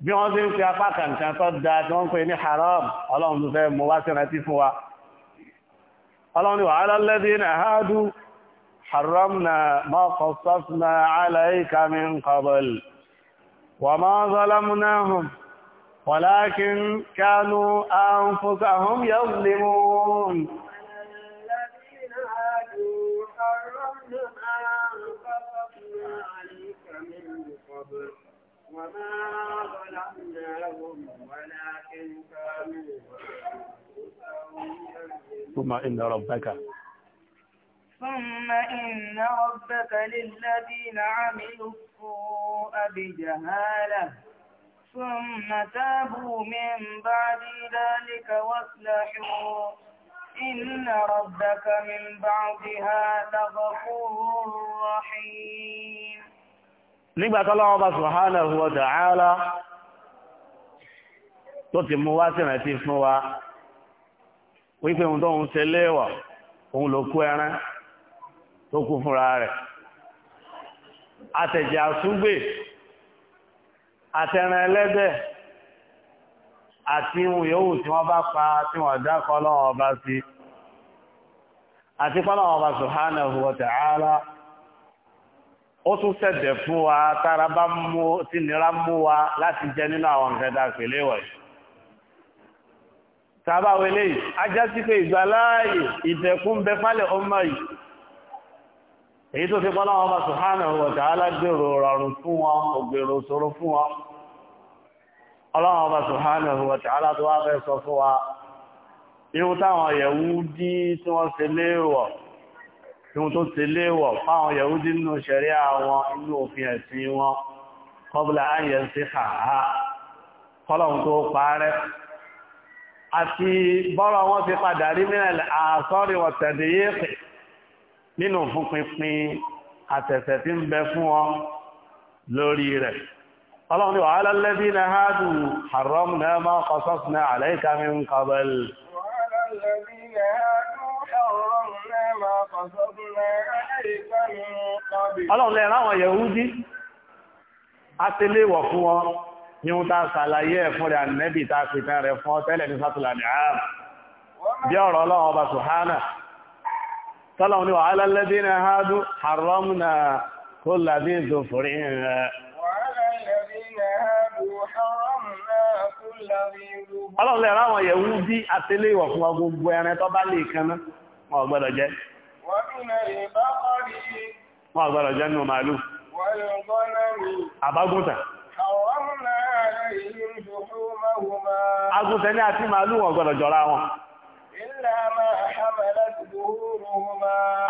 bí wọ́n tí ń fi apá kàǹkàn tó dáa tí wọ́n pè ní haram ọlọ́run tó fẹ́ mú wá sí rántí fún wa ọlọ́run ni wàhálà lẹ́dí ní àhádùú حرمنا ما قصصنا عليك من قبل وما ظلمناهم ولكن كانوا أنفسهم يظلمون الذين حرمنا ما قصصنا عليك من قبل وما ظلمناهم ولكن كانوا ثم إن ربك ثم إن ربك للذين عملوا السوء بجهالة ثم تابوا من بعد ذلك واصلحوا إن ربك من بعدها لغفور رحيم nígbà tọ́lọ́wọ́ bá subhanahu wa ta'ala tó ti mú wá sínú fún wa wípé òun tó ń ṣe léèwọ̀ òun ló kú ẹran tó kú fúnra rẹ̀ àtẹ̀jẹ̀ àsúgbè àtẹ̀rìn ẹlẹ́dẹ̀ àti ohun yòówù tí wọ́n bá pa tí wọ́n dákọ́ lọ́wọ́ ọba sí àti pọ́lọ́wọ́ ọba subhanahu wa ta'ala ó tún sẹ̀dẹ̀ fún wa tára bá mú tí nira mú wa láti jẹ nínú àwọn nǹkan tá a pè léwọ̀ yìí tàbá wẹlé yìí ajá sí pé ìgbàláàyè ìdẹ̀kùn bẹ fálẹ̀ ọmọ yìí èyí tó fi pọ́ láwọn ọba subhanahu wa ta'ala gbèrò rọrùn fún wọn kò gbèrò ṣòro fún wọn ọlọ́wọ́n ọba subhanahu wa ta'ala tó wá fẹ́ sọ fún wa ihun táwọn Yẹhudi tí wọ́n ṣe léèwọ̀ ihun tó ṣe léèwọ̀ fáwọn Yẹhudi nínú ṣẹ̀ríà wọn inú òfin ẹ̀sìn wọn qabla an yansihaha kọ́lọ̀hún tó parẹ́ àti bọ́rọ̀ wọn ti padà rí mílẹ̀ àsọ́rí wọ̀tẹ̀dẹ̀yẹ́pẹ̀ nínú fún pínpín àtẹ̀tẹ̀ tí ń bẹ fún ọ lórí rẹ̀ ọlọ́run ni wàhálà lẹ́bí na hádù haram na ma kọsọ́s na àlẹ́ka mi ń kọbẹ̀l ọlọ́run lẹ́ran àwọn yẹ̀húdí a ti léwọ̀ fún wọn ní wọ́n ta sàlàyé ẹ̀fún rẹ̀ ànẹ́bì ta fi tẹ́ fún ọ tẹ́lẹ̀ ní sátìlà ààrùn bí ọ̀rọ̀ ọlọ́run ọba sùhánà tọ́lọ̀ ní wàhálà lẹ́dí ní àádú haram na kó làbí na rẹ̀. ọlọ́run lè ráwọn yẹ̀wú bí àtẹ́lé ìwọ̀ fún gbogbo ẹran tó bá lè kaná wọn ò gbọ́dọ̀ wọn ò gbọ́dọ̀ jẹ na màálù àbágúntà agúntà ní àti màálù wọn ò gbọ́dọ̀ jọra wọn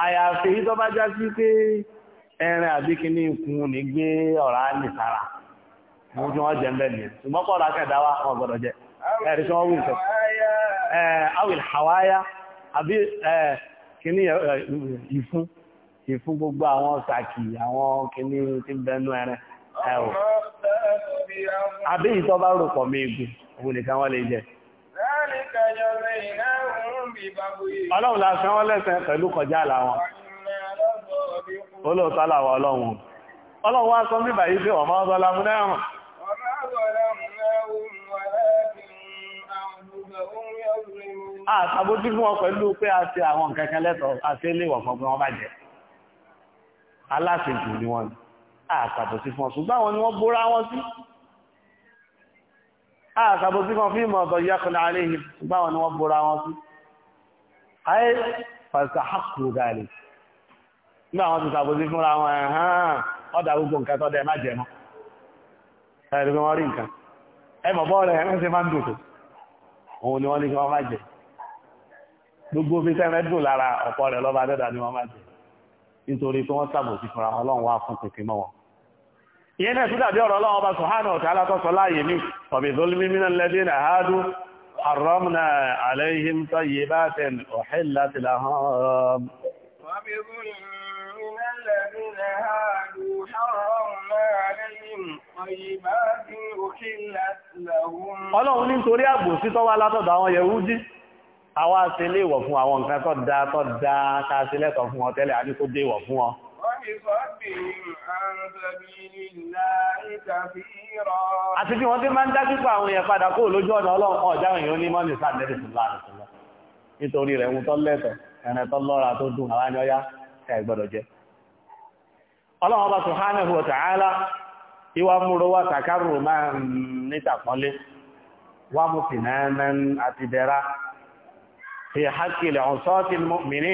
àyàfi tó bá já sí pé ẹ̀rìn àbí kíní ikùn ní gbé ọ̀rá nì sára mú kí wọ́n jẹ mẹ́rin ní ṣùgbọ́n ọ̀rá kẹ̀dá wá jẹ ẹ̀rí tí wọ́n wù àbí ìfún gbogbo àwọn sàkì àwọn tí ń bẹnu Ọlọ́run la ṣe wọ́n lẹ́sẹ̀ pẹ̀lú kọjá àlà wọn. Olóòtọ́ àlàwọ̀ ọlọ́run. Ọlọ́run wá sọ bíbà yìí pé ọmọ ọzọlá mú náà. Àtàbójú fún wọn pẹ̀lú pé a ti àwọn kẹ̀kẹ́ lẹ́tọ̀ àti iléwọ̀ fún wọn bá jẹ. Aláṣejù ni wọ́n. Àtàbójú fún wọn Ah, àkàbò sí kan fíìmọ̀ ọ̀tọ̀ yákùnlá aléhìn báwọn ni wọ́n bóra wọn sí ayé fàṣà hàkù gàlè nígbà wọn ti sàbò sí fúnra wọn ẹ̀hán ọ̀dà gbogbo nǹkan tọ́dẹ̀ má jẹ mọ́ ẹ̀rí wọ́n rí nǹkan ẹ ìyẹn náà tó dàbí ọ̀rọ̀ ọlọ́wọ́ bá sọ̀hánà ọ̀tà alátọ́sọ láàyè ní ọ̀bẹ̀zọ́límí mínà lẹ́dínà àádú àrọ́mùnà àlẹ́yìn tó yé bá tẹ̀n ọ̀hìn láti láhọ́m ọlọ́run nítorí àbòsí tó wá látọ̀dọ̀ àwọn yẹ̀wúdí àwa ṣe léèwọ̀ fún àwọn nǹkan tó dáa tó dáa ká ṣe fún ọ tẹ́lẹ̀ àdíkó déèwọ̀ fún ọ àti bí wọ́n tí máa ń dájú pé àwọn èèyàn padà kó lójú ọ̀nà ọlọ́run ọ̀já èèyàn ní mọ́lì sáàdẹ́rì sí láàrín sílẹ̀ nítorí rẹ̀ ń tọ́lẹ̀tọ̀ ẹ̀rẹ̀ tọ́lọ́ra tó dùn àwọn ni ọyá ẹ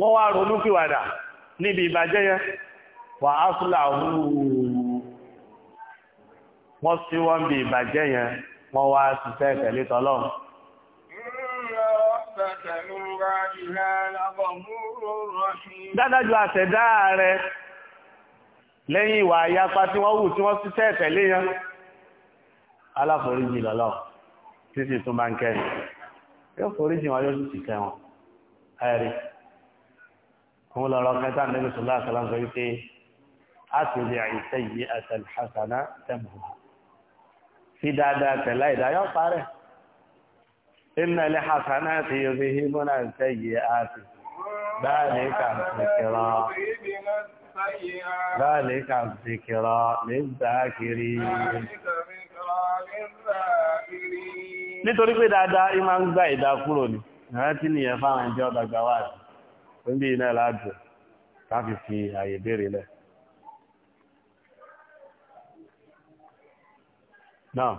wọ́n wá ronú kíwàdà níbi ìbàjẹ́ yẹn wà á súlà wọ́n sí wọ́n bí ìbàjẹ́ yẹn wọ́n wá ṣiṣẹ́ tẹ̀lé tọ́lọ́run dádájú àṣẹ̀dá rẹ̀ lẹ́yìn ìwà àyapa tí wọ́n wù tí wọ́n ṣiṣẹ́ tẹ̀lé yẹn aláforíjì lọ́lọ́ títí tún bá ń kẹ́rin yóò foríjì wọn yóò sì kẹ́ wọn òun lọ́rọ̀ kẹta nínú sọlá àkàlà sọ wípé a ti lè àìsẹ́ yìí àtẹlẹ hasana tẹ̀mù fi dáadáa tẹ̀lá ìdáyọ̀ parẹ́ inna lè hasana ti yóò fi hí mọ́nà àìsẹ́ yìí àti báyìí kà ń kẹrọ ذلك الذكرى للذاكرين nítorí pé dáadáa ìmá ń gbá ìdá kúrò ní ìrántí nìyẹn fáwọn ìjọ ọ̀dàgbà wáyé níbi iná láàdùn láti fi àyè béèrè lẹ̀. náà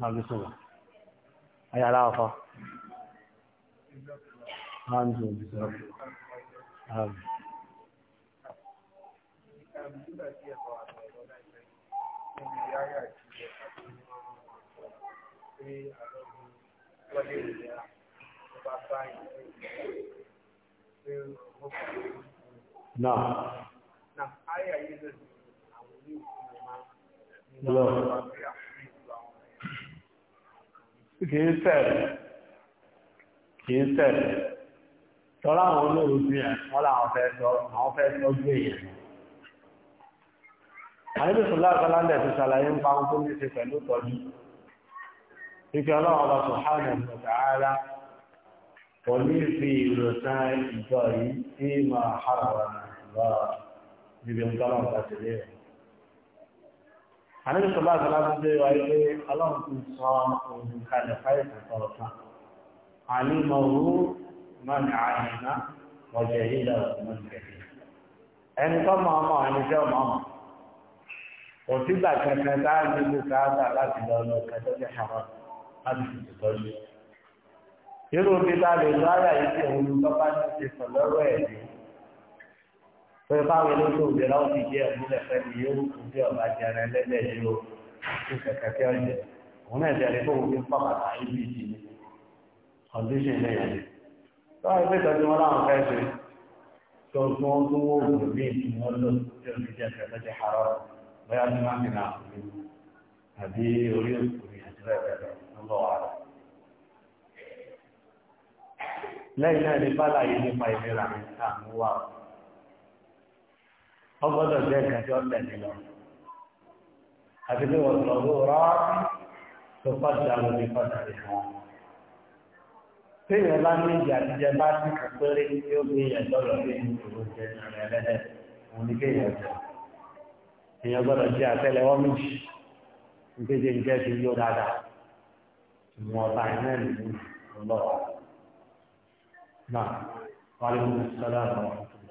náà bí sọ̀rọ̀ ayára ọkọ̀ hands Náà. Náà, ayé ayé lè àwọn ilé ìfún ọmọ nínú àwọn àti àfihàn àwọn ẹ̀. Kìí sẹ́ẹ̀lẹ̀, kìí sẹ́ẹ̀lẹ̀, tọ́lá àwọn olóòrùn sí ẹ̀, wọ́n láwọn fẹ́ sọ, àwọn fẹ́ sọ gbé èèyàn. Àyébí Sùlá Àgbàláńdẹ̀ ti ṣàlàyé ń pa ohun tó ní ṣe pẹ̀lú tọ́jú. Ìkẹ́ ọlọ́run ọba Sùhánà Mùtàárá ومثل سائقه فيما حرم الله بيبقى كلام فاسدين Àníbi sọ̀lá àtàlábí jẹ́ wà ilé aláwọ̀ tó sọ ohun kalẹ̀ fáìsì sọ̀rọ̀ kan. Ànímọ̀rú máa ní àìyànná ọjọ́ ìlẹ̀ ọ̀gbọ̀n kẹ̀kẹ́. Ẹni tó máa mọ̀ ẹni jẹ́ ọmọ mọ̀. Kò láti lọ lọ kẹtọ́ jẹ́ ṣàrọ̀ láti fi tìtọ́jú. irú omi tá a yìí tí òun ló ní ṣe sọ lọ́rọ̀ ẹ̀ ní. pé báwo ló tó òbí láwọn ti jẹ́ ìmúlẹ̀ fẹ́mi yóò kú bí ọba jẹrẹ lẹ́lẹ̀ o kí kẹ̀kẹ́ kí ọ̀jẹ̀ òun náà jẹrẹ pé òun fi ń pọ̀ bàtà ibi ìdí ni báwo ló tọ́jú wọn láwọn fẹ́ ṣe tó wọ́n lò tí jẹ́ lẹ́yìn náà ní bàlàyé nípa ìlera rẹ̀ sàmú wà ó. wọ́n gbọ́dọ̀ jẹ́ ìkan tí ó tẹ̀lé lọ. àti pé wọ́n lọ bó rọ́ tó fọ́jà ló ní fọ́jà rẹ̀ wọn. téèyàn bá ní ìjà jíjẹ bá ti kàn péré tí ó gbé yẹn lọ́rọ̀ bí ẹni tó jẹ ìrìn ẹlẹ́dẹ̀ òun ní kéèyàn jẹ. èèyàn gbọ́dọ̀ jẹ àtẹ́lẹwọ́ méjì nígbèdè ń ti yó dáadáa. ìwọ̀nba iná nìyí lọ́wọ́. نعم وعليكم السلام ورحمة الله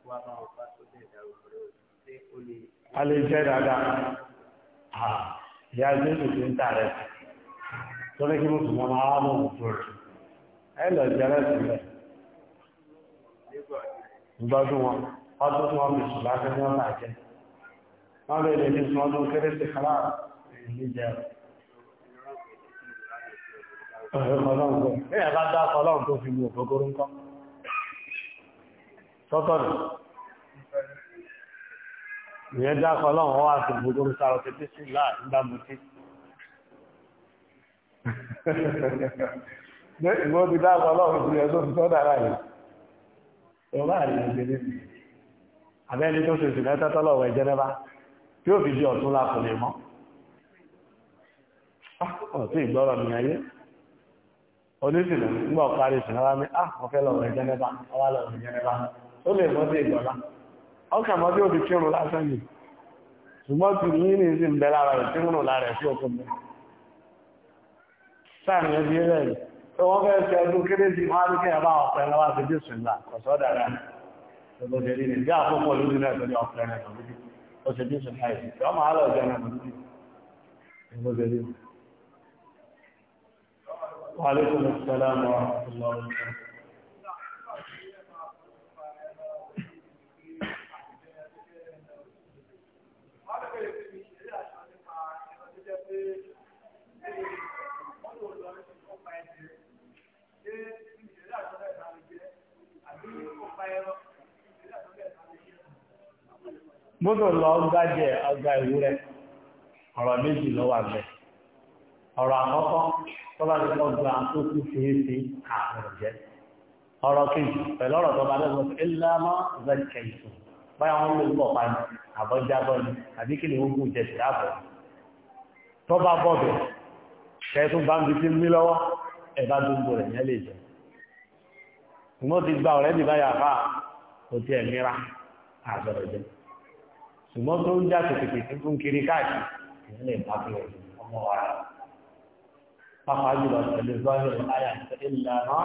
وبركاته Thank you a lè jẹ́ dáadáa ìyá ilé ìlú ń tà rẹ̀ torí kí mo sì máa máa mọ̀ òfin rẹ̀ ẹ lọ jẹ́ rẹ̀ sílẹ̀ gbọ́dún wọn ọdún tí wọ́n fi sùn láti ní ọ̀nà àjẹ́ wọ́n lè lè ní sùn ọdún kérésì kálá ìlíjẹ́ ọ̀rẹ́ kọlọ́n tó ẹ̀yà bá dá kọlọ́n fi mú òkòkòrò ńkọ́ sọ́tọ̀rọ̀ ìyẹn dákọ̀ ọlọ́run wá sí gbogbo sáró tètè sí láà nígbà mutí. ní ìwọ ti dákọ̀ ọlọ́run sí ẹjọ́ tó dára yìí ọba àlè ìgbé níbi abẹ́ni tó ṣe ìsìnkú ẹ̀tọ́ tọ́lọ̀wọ̀ ẹ̀jẹ̀ nẹ́bá tí ó fi di ọ̀tún láàpù lè mọ́ ah, ọ̀tún ìgbọ́rọ̀ mi ayé oníṣìlẹ̀ nígbà ọ̀parí ìsìnkú ẹ̀jẹ̀ nẹ́bá ó lè mọ́ sí ìgbọ́lá ọkà mọ́ bí ó ti kírùn lásán yìí ṣùgbọ́n ti ní ní sí ìbẹ̀ lára rẹ̀ tí múnù lára sí ọkùn mẹ́ sáàrin ẹbí rẹ̀ rẹ̀ tó wọ́n fẹ́ ṣe ọdún kéré sí wọ́n ní kẹyàbá ọ̀pẹ lọ́wọ́ sí jésù ńlá kọ̀sọ́ dára ọ̀pẹ̀lẹ̀ ní bí àkókò lórí rẹ̀ pẹ̀lú ọ̀pẹ̀ rẹ̀ mọ́tò lọ gbájẹ ọgbà ìwúrẹ́ ọ̀rọ̀ méjì ló wà bẹ́ẹ̀ ọ̀rọ̀ àkọ́kọ́ tó bá ti lọ gba tó kú fèéfé àrùn jẹ́ ọ̀rọ̀ kejì pẹ̀lú ọ̀rọ̀ tó bá lọ́gbọ́n sí ìlànà zẹ́kẹ̀ ìsùn báyà wọn lè ni àbí kí ni ogun jẹ sí àbọ̀ tó bá bọ̀ ń mí lọ́wọ́ ẹ̀ bá rẹ̀ yẹn lè jẹ mo ti gba ọ̀rẹ́ mi kò tiẹ̀ mìíràn àbọ̀rọ̀ jẹ́ ṣùgbọ́n tó ń já tètè tí fún kiri káàkiri ìrìnlẹ̀ ìpàkìlẹ̀ ọmọ wa rẹ̀ pápá jùlọ pẹ̀lú zọ́ọ̀lù ayà ìlànà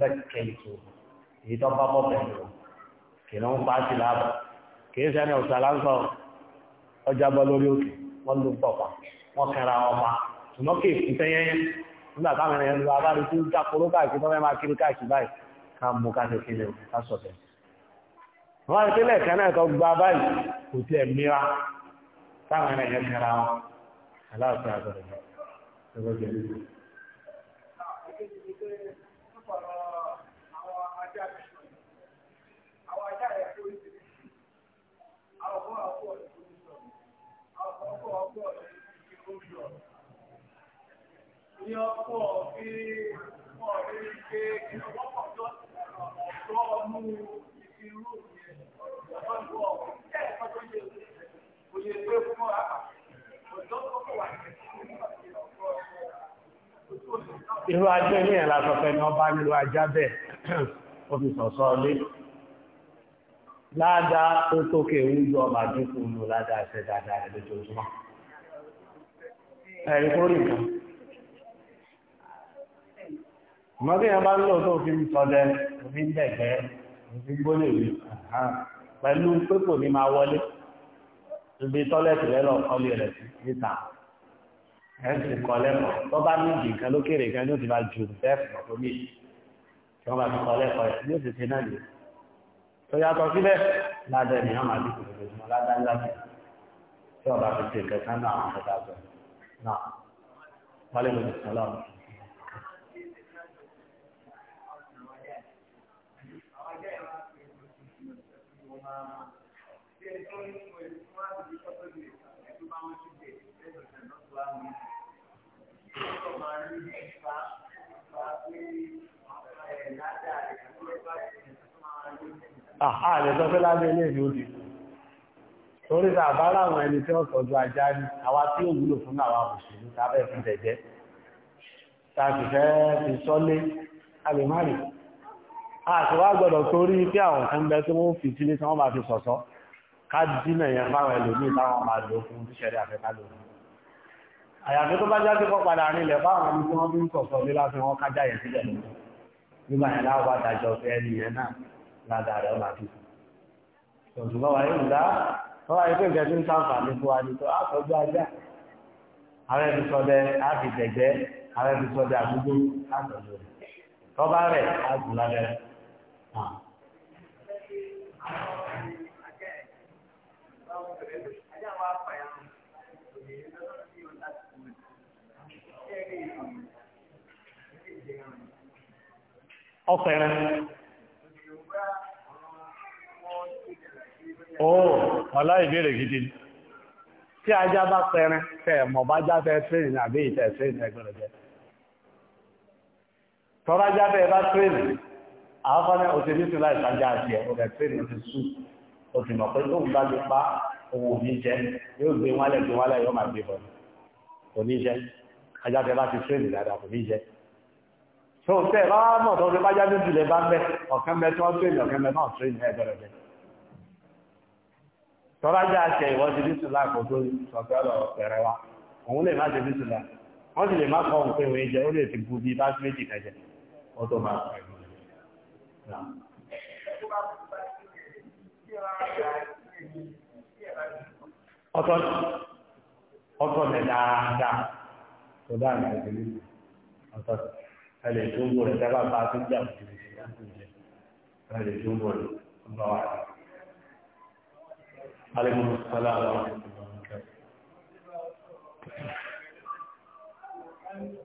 rẹ̀kẹ̀ ètò èyí tó bá bọ́ pẹ̀lú kì ló ń pa sí láàbọ̀ kì í sẹ́ni ọ̀sà láńsọ ọjà bọ́ lórí òkè wọ́n ló ń pọ̀pà wọ́n kẹra wọn pa ṣùgbọ́n kì í fi tẹ́yẹ́yẹ́ nígbà táwọn ènìyàn lọ abárí tí káàkiri tó fẹ́ máa kiri káàkiri báyìí ká mú ká wọ́n ti lẹ̀ kan náà tó gba báyìí kò tiẹ̀ mìíràn táwọn ẹ̀yẹ kẹra wọn aláàfin àtọ̀rọ̀ yẹn ẹgbẹ́ jẹ́lú. Ní ọkọ̀ bí wọ́n rí pé kí wọ́n pọ̀ ọ̀dọ́ ọmú irú irú ajé ní ẹ̀lá sọ̀fẹ́ ni ọba nílò ajá bẹ̀ omi sọ̀sọ́ lé ládàá tó tókè wújú ọmọ àdúkù ló ládàá ṣe dáadáa rẹ̀ lójoojúmọ́ ẹ̀rí kó rí nǹkan mọ́tí yẹn bá ń lò tó fi ń sọdẹ omi dẹ̀gbẹ́ omi ń gbólè pẹ̀lú pé kò ní máa wọlé ibi tọ́lẹ̀tì lẹ́lọ́ kọ́lé rẹ̀ níta ẹ̀ ń sì kọ́ lẹ́kọ̀ọ́ tó bá ní ìdì nǹkan lókèrè kan yóò ti máa ju bẹ́ẹ̀fù tó ní tí wọ́n bá ti kọ́ lẹ́kọ̀ọ́ rẹ̀ yóò sì ṣe náà nìyẹn tó yàtọ̀ síbẹ̀ ládẹ́ ni wọ́n máa dìbò lójoojúmọ́ ládá ńlá sí tí wọ́n bá fi ṣe nǹkan kan náà Àhá rẹ̀ sọ pé lábẹ́ ilé ìlú òdì. Torí àbára àwọn ẹni tí wọ́n tọ́jú ajá ní àwa tí ó wúlò fún àwa òṣèlú tàbẹ́ fún tẹ̀jẹ́. Tàbí fẹ́ fi sọ́lé, a lè má àṣìwá gbọ́dọ̀ torí pé àwọn kan bẹ tí wọ́n fi sílé tí wọ́n bá fi sọ̀sọ́ ká dínà yẹn fáwọn ẹlòmíì táwọn máa lò fún tíṣẹ̀rẹ̀ àfẹ́ká lò fún àyàfi tó bá já sí kọ́ padà nílẹ̀ fáwọn ẹni tí wọ́n fi ń sọ̀sọ́ bí láti wọn kájá yẹn sílẹ̀ lọ́wọ́ nígbà yẹn láwọn bá dájọ́ fẹ́ ẹni yẹn náà ládàá rẹ̀ ọ̀là fífi tòtù bá wáyé ńlá wọ́n lábẹ́rẹ́ Ah. ọ̀fẹ́rẹ́ oó ọ̀lá ìbéèrè gidi tí ajá bá pẹ̀rẹ́ kẹ̀mọ̀ bá jáfẹ́ tírìn àbí ìtẹ̀ tírìn ẹgbẹ̀rẹ̀ jẹ́ tọ́rájáfẹ́ bá tírìn àwọn fọ́nà òṣèlú ti láì sájà àti ẹ̀ ọ̀rẹ́ tẹ́lẹ̀ ti sú o sì mọ̀ pé tó ń bá lè pa owó òní jẹ yóò gbé wálẹ̀ gbé wálẹ̀ yóò máa gbé bọ̀ òní jẹ ajá tẹ bá ti tẹ́lẹ̀ dáadáa kò ní jẹ tó tẹ bá mọ̀ tó ti bá já méjì lè bá ń bẹ ọ̀kan bẹ tí wọ́n tẹ́lẹ̀ ọ̀kan bẹ náà tẹ́lẹ̀ ẹ̀ bẹ̀rẹ̀ bẹ̀ tọ́lájà àti ìwọ́n ti dísù láàkó tó sọ̀tẹ́lọ̀ pẹ̀rẹ̀ wa òun lè má ti dísù láà wọ́n sì lè má kọ́ òun pé òun ọ̀tọ̀ ọ̀tọ̀ lẹ dáadáa tó dáa ní ìdílé ọ̀tọ̀ ẹ lè tó gbòòrò dábàá bá a tó jà òjò ìṣe láti ìjẹ ẹ lè tó gbòòrò ọgbà wà rẹ. عليكم السلام ورحمة الله وبركاته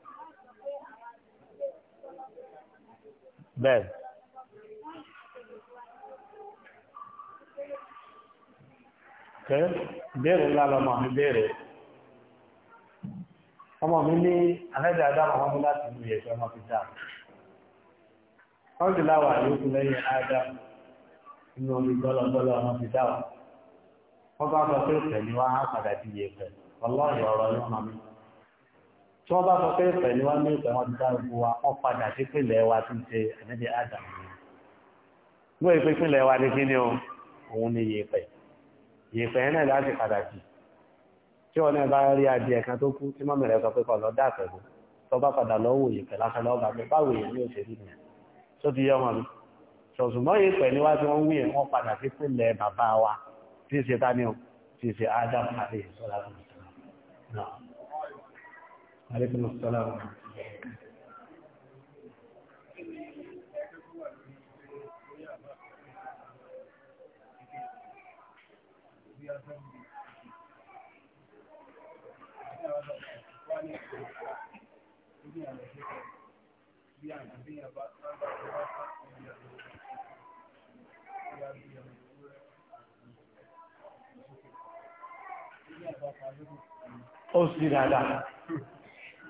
bẹ́ẹ̀. Kẹ́ béèrè ńlá lọmọ mi béèrè. Ọmọ mi ní alẹ́dẹ̀ Adáma wọn mú láti inú ìyẹ̀fẹ́ ọmọ fi dáa. Wọ́n ti láwà yókù lẹ́yìn Adá inú omi gbọ́lọ́gbọ́lọ́ ọmọ fi dáa. Wọ́n bá sọ pé pẹ̀lú wọn á padà di ìyẹ̀fẹ́. Ọlọ́ọ̀yọ̀ ọ̀rọ̀ ni wọ́n mi tí wọ́n bá sọ pé pẹ̀lú wa ní ìpẹ̀wọ̀n ti dárúgbó wa wọ́n padà sí pínlẹ̀ wa ti ṣe ànábì Adam ní wọ́n ìpín pínlẹ̀ wa ní kí ni o òun ni yèèpẹ̀ yèèpẹ̀ yẹn náà láti padà sí tí wọ́n náà bá rí adìẹ kan tó kú tí mọ́mí rẹ̀ sọ pé kọ̀ lọ dá pẹ̀lú tó bá padà lọ́wọ́ yèèpẹ̀ lásán lọ́ba pé báwo èèyàn ní òṣèlú nìyẹn tó ti wá tí wọ́n wí wọ́n padà sí pínlẹ̀ bàbá wa tí ì ṣe tani o tí ì ṣe Adam àti ìṣọ́lá náà alaikum assalam ó sì dáadáa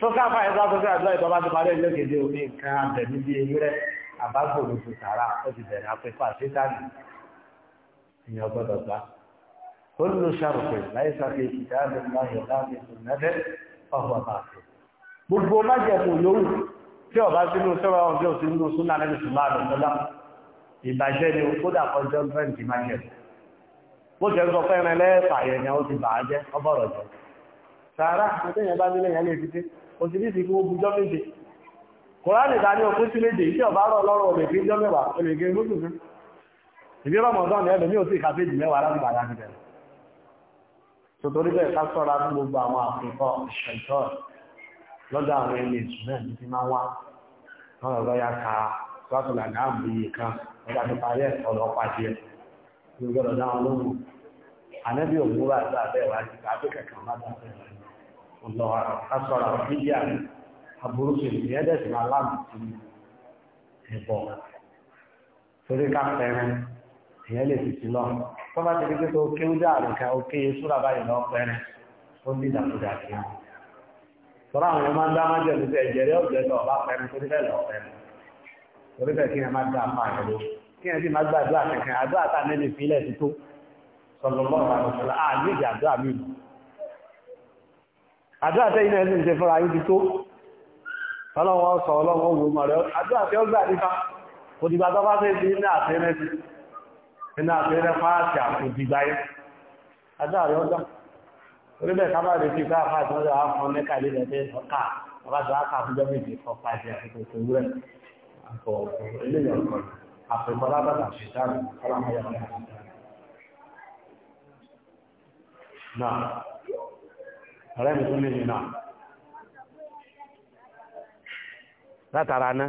tó káfà ẹ̀dá tó fẹ́ àdúrà ìtọ́lá ti parí ẹ̀lẹ́ kéde omi nǹkan àbẹ̀mí bíi ewúrẹ́ àbágbòrò tó sàrà ó ti bẹ̀rẹ̀ sétáàlì ìyẹn ọgbọ́dọ̀ gbá ó ló ṣàròpẹ̀ ọba tí ìbàjẹ́ ni ó dà kọjọ́ bó jẹ́ sọ yẹn ni ó ti bàá jẹ́ ọbọ̀rọ̀ jẹ́ sàrà àti bá kò sí nísìkú ogun jọ méje kòránì ta ní òkú sí méje iṣẹ́ ọ̀bá rọ̀ lọ́rọ̀ ọ̀lẹ̀ kí jọ mẹ́wàá ọ̀lẹ̀ kí gúúsù fún ìbí rọmọdán ni ẹlòmí ò sí ìkàfẹ́jì mẹ́wàá lágbà ya ní bẹ̀rẹ̀ tòtòrí bẹ́ẹ̀ ká sọ́ra fún gbogbo àwọn àfikọ́ ṣẹ̀tọ́ lọ́dọ̀ àwọn ẹni èṣù náà ní ti máa wá wọn lọ lọ́ya ka sọ́tùlà náà mú iye kan lọ́dọ̀ àti parí ẹ̀ ọ̀lọ́ pàdé ẹ̀ gbogbo ọ̀dọ̀ dáwọn lóhùn ànẹ́bí òmùúrà àti àbẹ́wà àti àbẹ́kẹ̀kẹ̀ máa dábẹ́wà ọ̀lọ́ asọ̀rọ̀ àbíyà aburú sí ìlú ẹ̀dẹ̀sì máa láàmù sí ẹ̀bọ̀ torí ká pẹ̀rẹ̀ èèyàn lè fìtì lọ tó bá ti kékeré tó kéwú dá àrùkà ó kéye súra báyìí lọ pẹ̀rẹ̀ ó ní ìdàkúdà sí i tọ́lá àwọn ọmọ dá májọ ní sẹ́ ẹ̀jẹ̀ rẹ̀ ọ̀jẹ̀ lọ bá pẹ̀rẹ̀ torí bẹ́ẹ̀ lọ pẹ̀rẹ̀ torí bẹ́ẹ̀ kí ẹ má dá apá rẹ̀ lọ kí ẹ sì má gbàdúrà àdúrà tẹ́ iná ẹ̀sìn ṣe fúnra yìí ti tó ọlọ́wọ́ sọ ọlọ́wọ́ ogun mọ̀rẹ́ àdúrà tẹ́ ó gbà nípa òdìgbà tó bá fẹ́ sí iná àfẹ́rẹ́ sí iná àfẹ́rẹ́ fáàtì àkùdìgbà yẹn àdúrà rẹ̀ ọjà orílẹ̀ ká bá rẹ̀ sí ká fáàtì wọ́n yà fún mẹ́ka ilé rẹ̀ ọkà ọba tó áka fún jẹ́ méjì kọ fáàtì àkókò ìwúrẹ̀ àfọ̀ eléyàn kọ̀ àfẹ́kọ̀ lábàtà ṣètàn ọlọ́mọ ọ̀rẹ́ tún lè nínà látara ná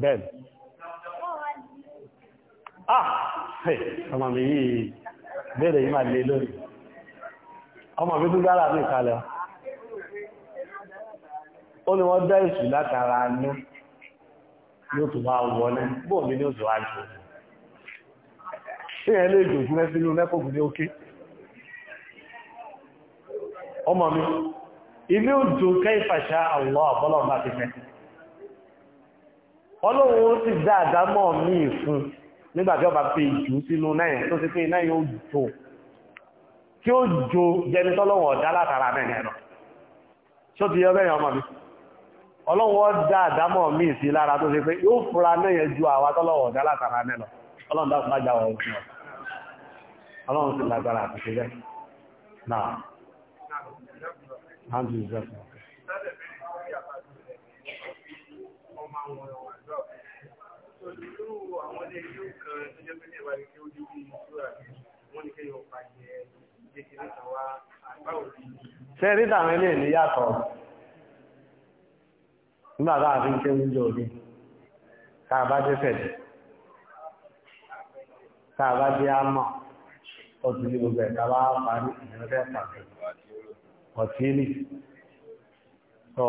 bẹ́ẹ̀ ah ọmọ mi yìí béèrè yìí máa lè lórí ọmọ mi tún gbára ní ìkàlẹ̀ ó ní wọ́n dá ìsù látara ná yóò tó wá wọlé bóòmí ní ó tó wá lè jò fún ẹ́ sínú lẹ́kọ̀ọ́gùn ní ókè ọmọ mi ilé òjò kẹfàṣà àwọ̀ àbọ́lọ̀ bá ti fẹ́ ọlọ́run ó sì dá àdámọ́ mi fún nígbàtí ọba pé ìjù sínú náà tó ti pé náà yóò jò kí ó jò jẹni tọ́lọ́wọ̀ ọ̀dá látara mẹ́rin ẹ̀rọ ṣó ti yọ bẹ́yẹn ọmọ mi ọlọ́run ó dá àdámọ́ mi sí lára tó ti pé yóò fura náà alhamdulillah tẹ́rí dàmẹ́ lè ní yàtọ̀ nígbàtà àti ń kéwú jọ orí tàbá fẹ̀dẹ̀ tàbá àmọ́ ọdún ní gbogbo ẹ̀ tàbá parí ìrìnlẹ́ pàtàkì kọtílì sọ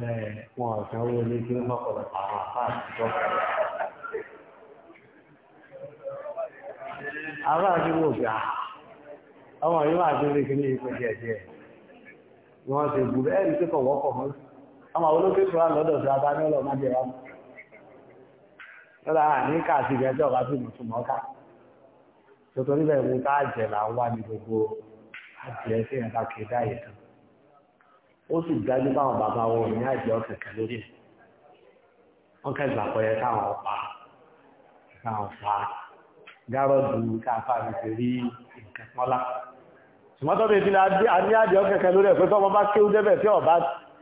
eh, wọn ọ̀sánwó ilé tí ó mọ́kànlá àwọn àpáàtìjọ́ ará àdúgbò gbà ọmọ yìí máa dúró kí ní ipò díẹ̀díẹ̀ ni wọ́n wọ́pọ̀ mọ́ ọmọ olókè lọ́dọ̀ sí wọn lọ́dọ̀ àwọn mọ̀ là ń wà adìẹ sí ẹ̀ka kì í dáyé tán ó sì dájú báwọn bàbá wọn ò ní àjẹ́ ọ̀kẹ̀kẹ̀ lórí ẹ̀ wọ́n kẹ́gbà pẹ̀lẹ́ káwọn pa káwọn pa gárọ́dù káfà mi ti rí nǹkan pọ́nlá ṣùgbọ́n tó bèèrè tí a ní àjẹ́ ọ̀kẹ̀kẹ̀ lórí ẹ̀ pé tọ́mọ bá kéwú débẹ̀ tí ọ̀bá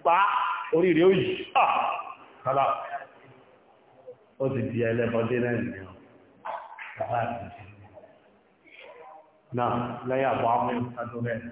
pa orí ó yìí ah! ó ti di ẹlẹ́bọdé náà nìyẹn náà lẹ́yà bọ́ àwọn ìpàdó rẹ̀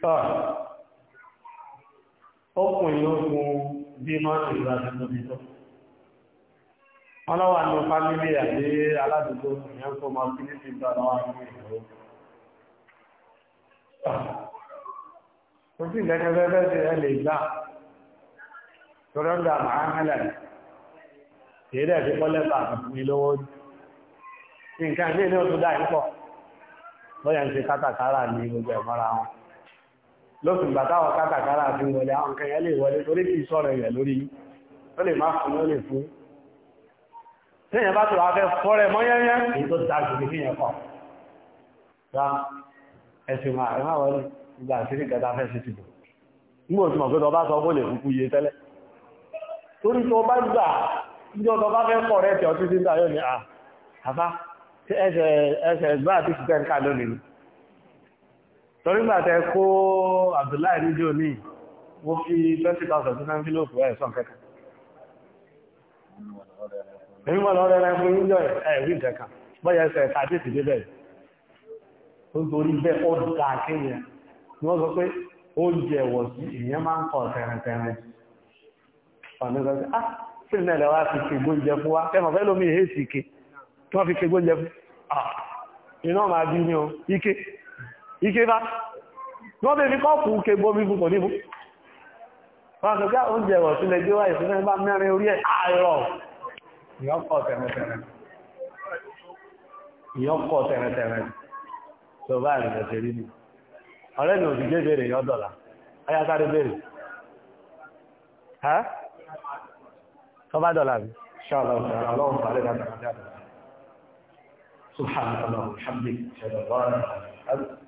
Tọ́ ọkùnrin ogun bí mọ́nà ìlà tuntun bí tó wọ́n lọ́wọ́ àwọn fámílì àti aládùúgbò ìyẹn kó máa fi ní ti gbà lọ́wọ́ àwọn ìyàwó kò sí sí ẹ lè gbà torí ọ̀dọ̀ ń ní gbogbo lọ́sùn gbàtàwọ̀ kátàkárà fi wọlé àwọn nǹkan yẹn lè wọlé torí kìí sọ̀rọ̀ ilẹ̀ lórí ó lè má fún ó fún tíyàn bá tó wá fẹ́ mọ́yẹ́yẹ́ èyí tó dájú ní fíyàn kọ̀ rá ẹ̀sìn máa rẹ̀ máa wọlé ìgbà àṣírí gẹta fẹ́ sí ti bò nígbà tí mọ̀gbẹ́ tó bá sọ bólè kúkú yé torí gbà tẹ kó Abdullahi níjò ní mo fi 20,000 tún ẹ̀ sọ kẹta èyí mọ̀ lọ́rẹ́ rẹ̀ fún ìjọ ẹ̀rí ìjẹ̀kan bọ́yẹ̀ ẹsẹ̀ ẹ̀ka àti ìdílé bẹ̀rẹ̀ nítorí bẹ́ẹ̀ ó da ni wọ́n sọ pé ó jẹ ẹ̀wọ̀ sí èèyàn máa ń kọ̀ tẹ̀rẹ̀tẹ̀rẹ̀ ike bá wọ́n bèèrè kọ́ọ̀pù ke gbómi fún kò ní fún wọ́n sọ pé oúnjẹ ẹ̀wọ̀ sílẹ̀ gbé wáyé sílẹ̀ bá mẹ́rin orí ẹ̀ àìrọ̀ ìyọ́kọ̀ tẹ̀rẹ̀tẹ̀rẹ̀ ìyọ́kọ̀ tẹ̀rẹ̀tẹ̀rẹ̀ tó bá ìrìnlẹ̀ tẹ̀rí ni ọ̀rẹ́ ni òṣìṣẹ́ bèèrè yọ́ dọ̀là ayátáré bèèrè ẹ́ tó bá dọ̀là bí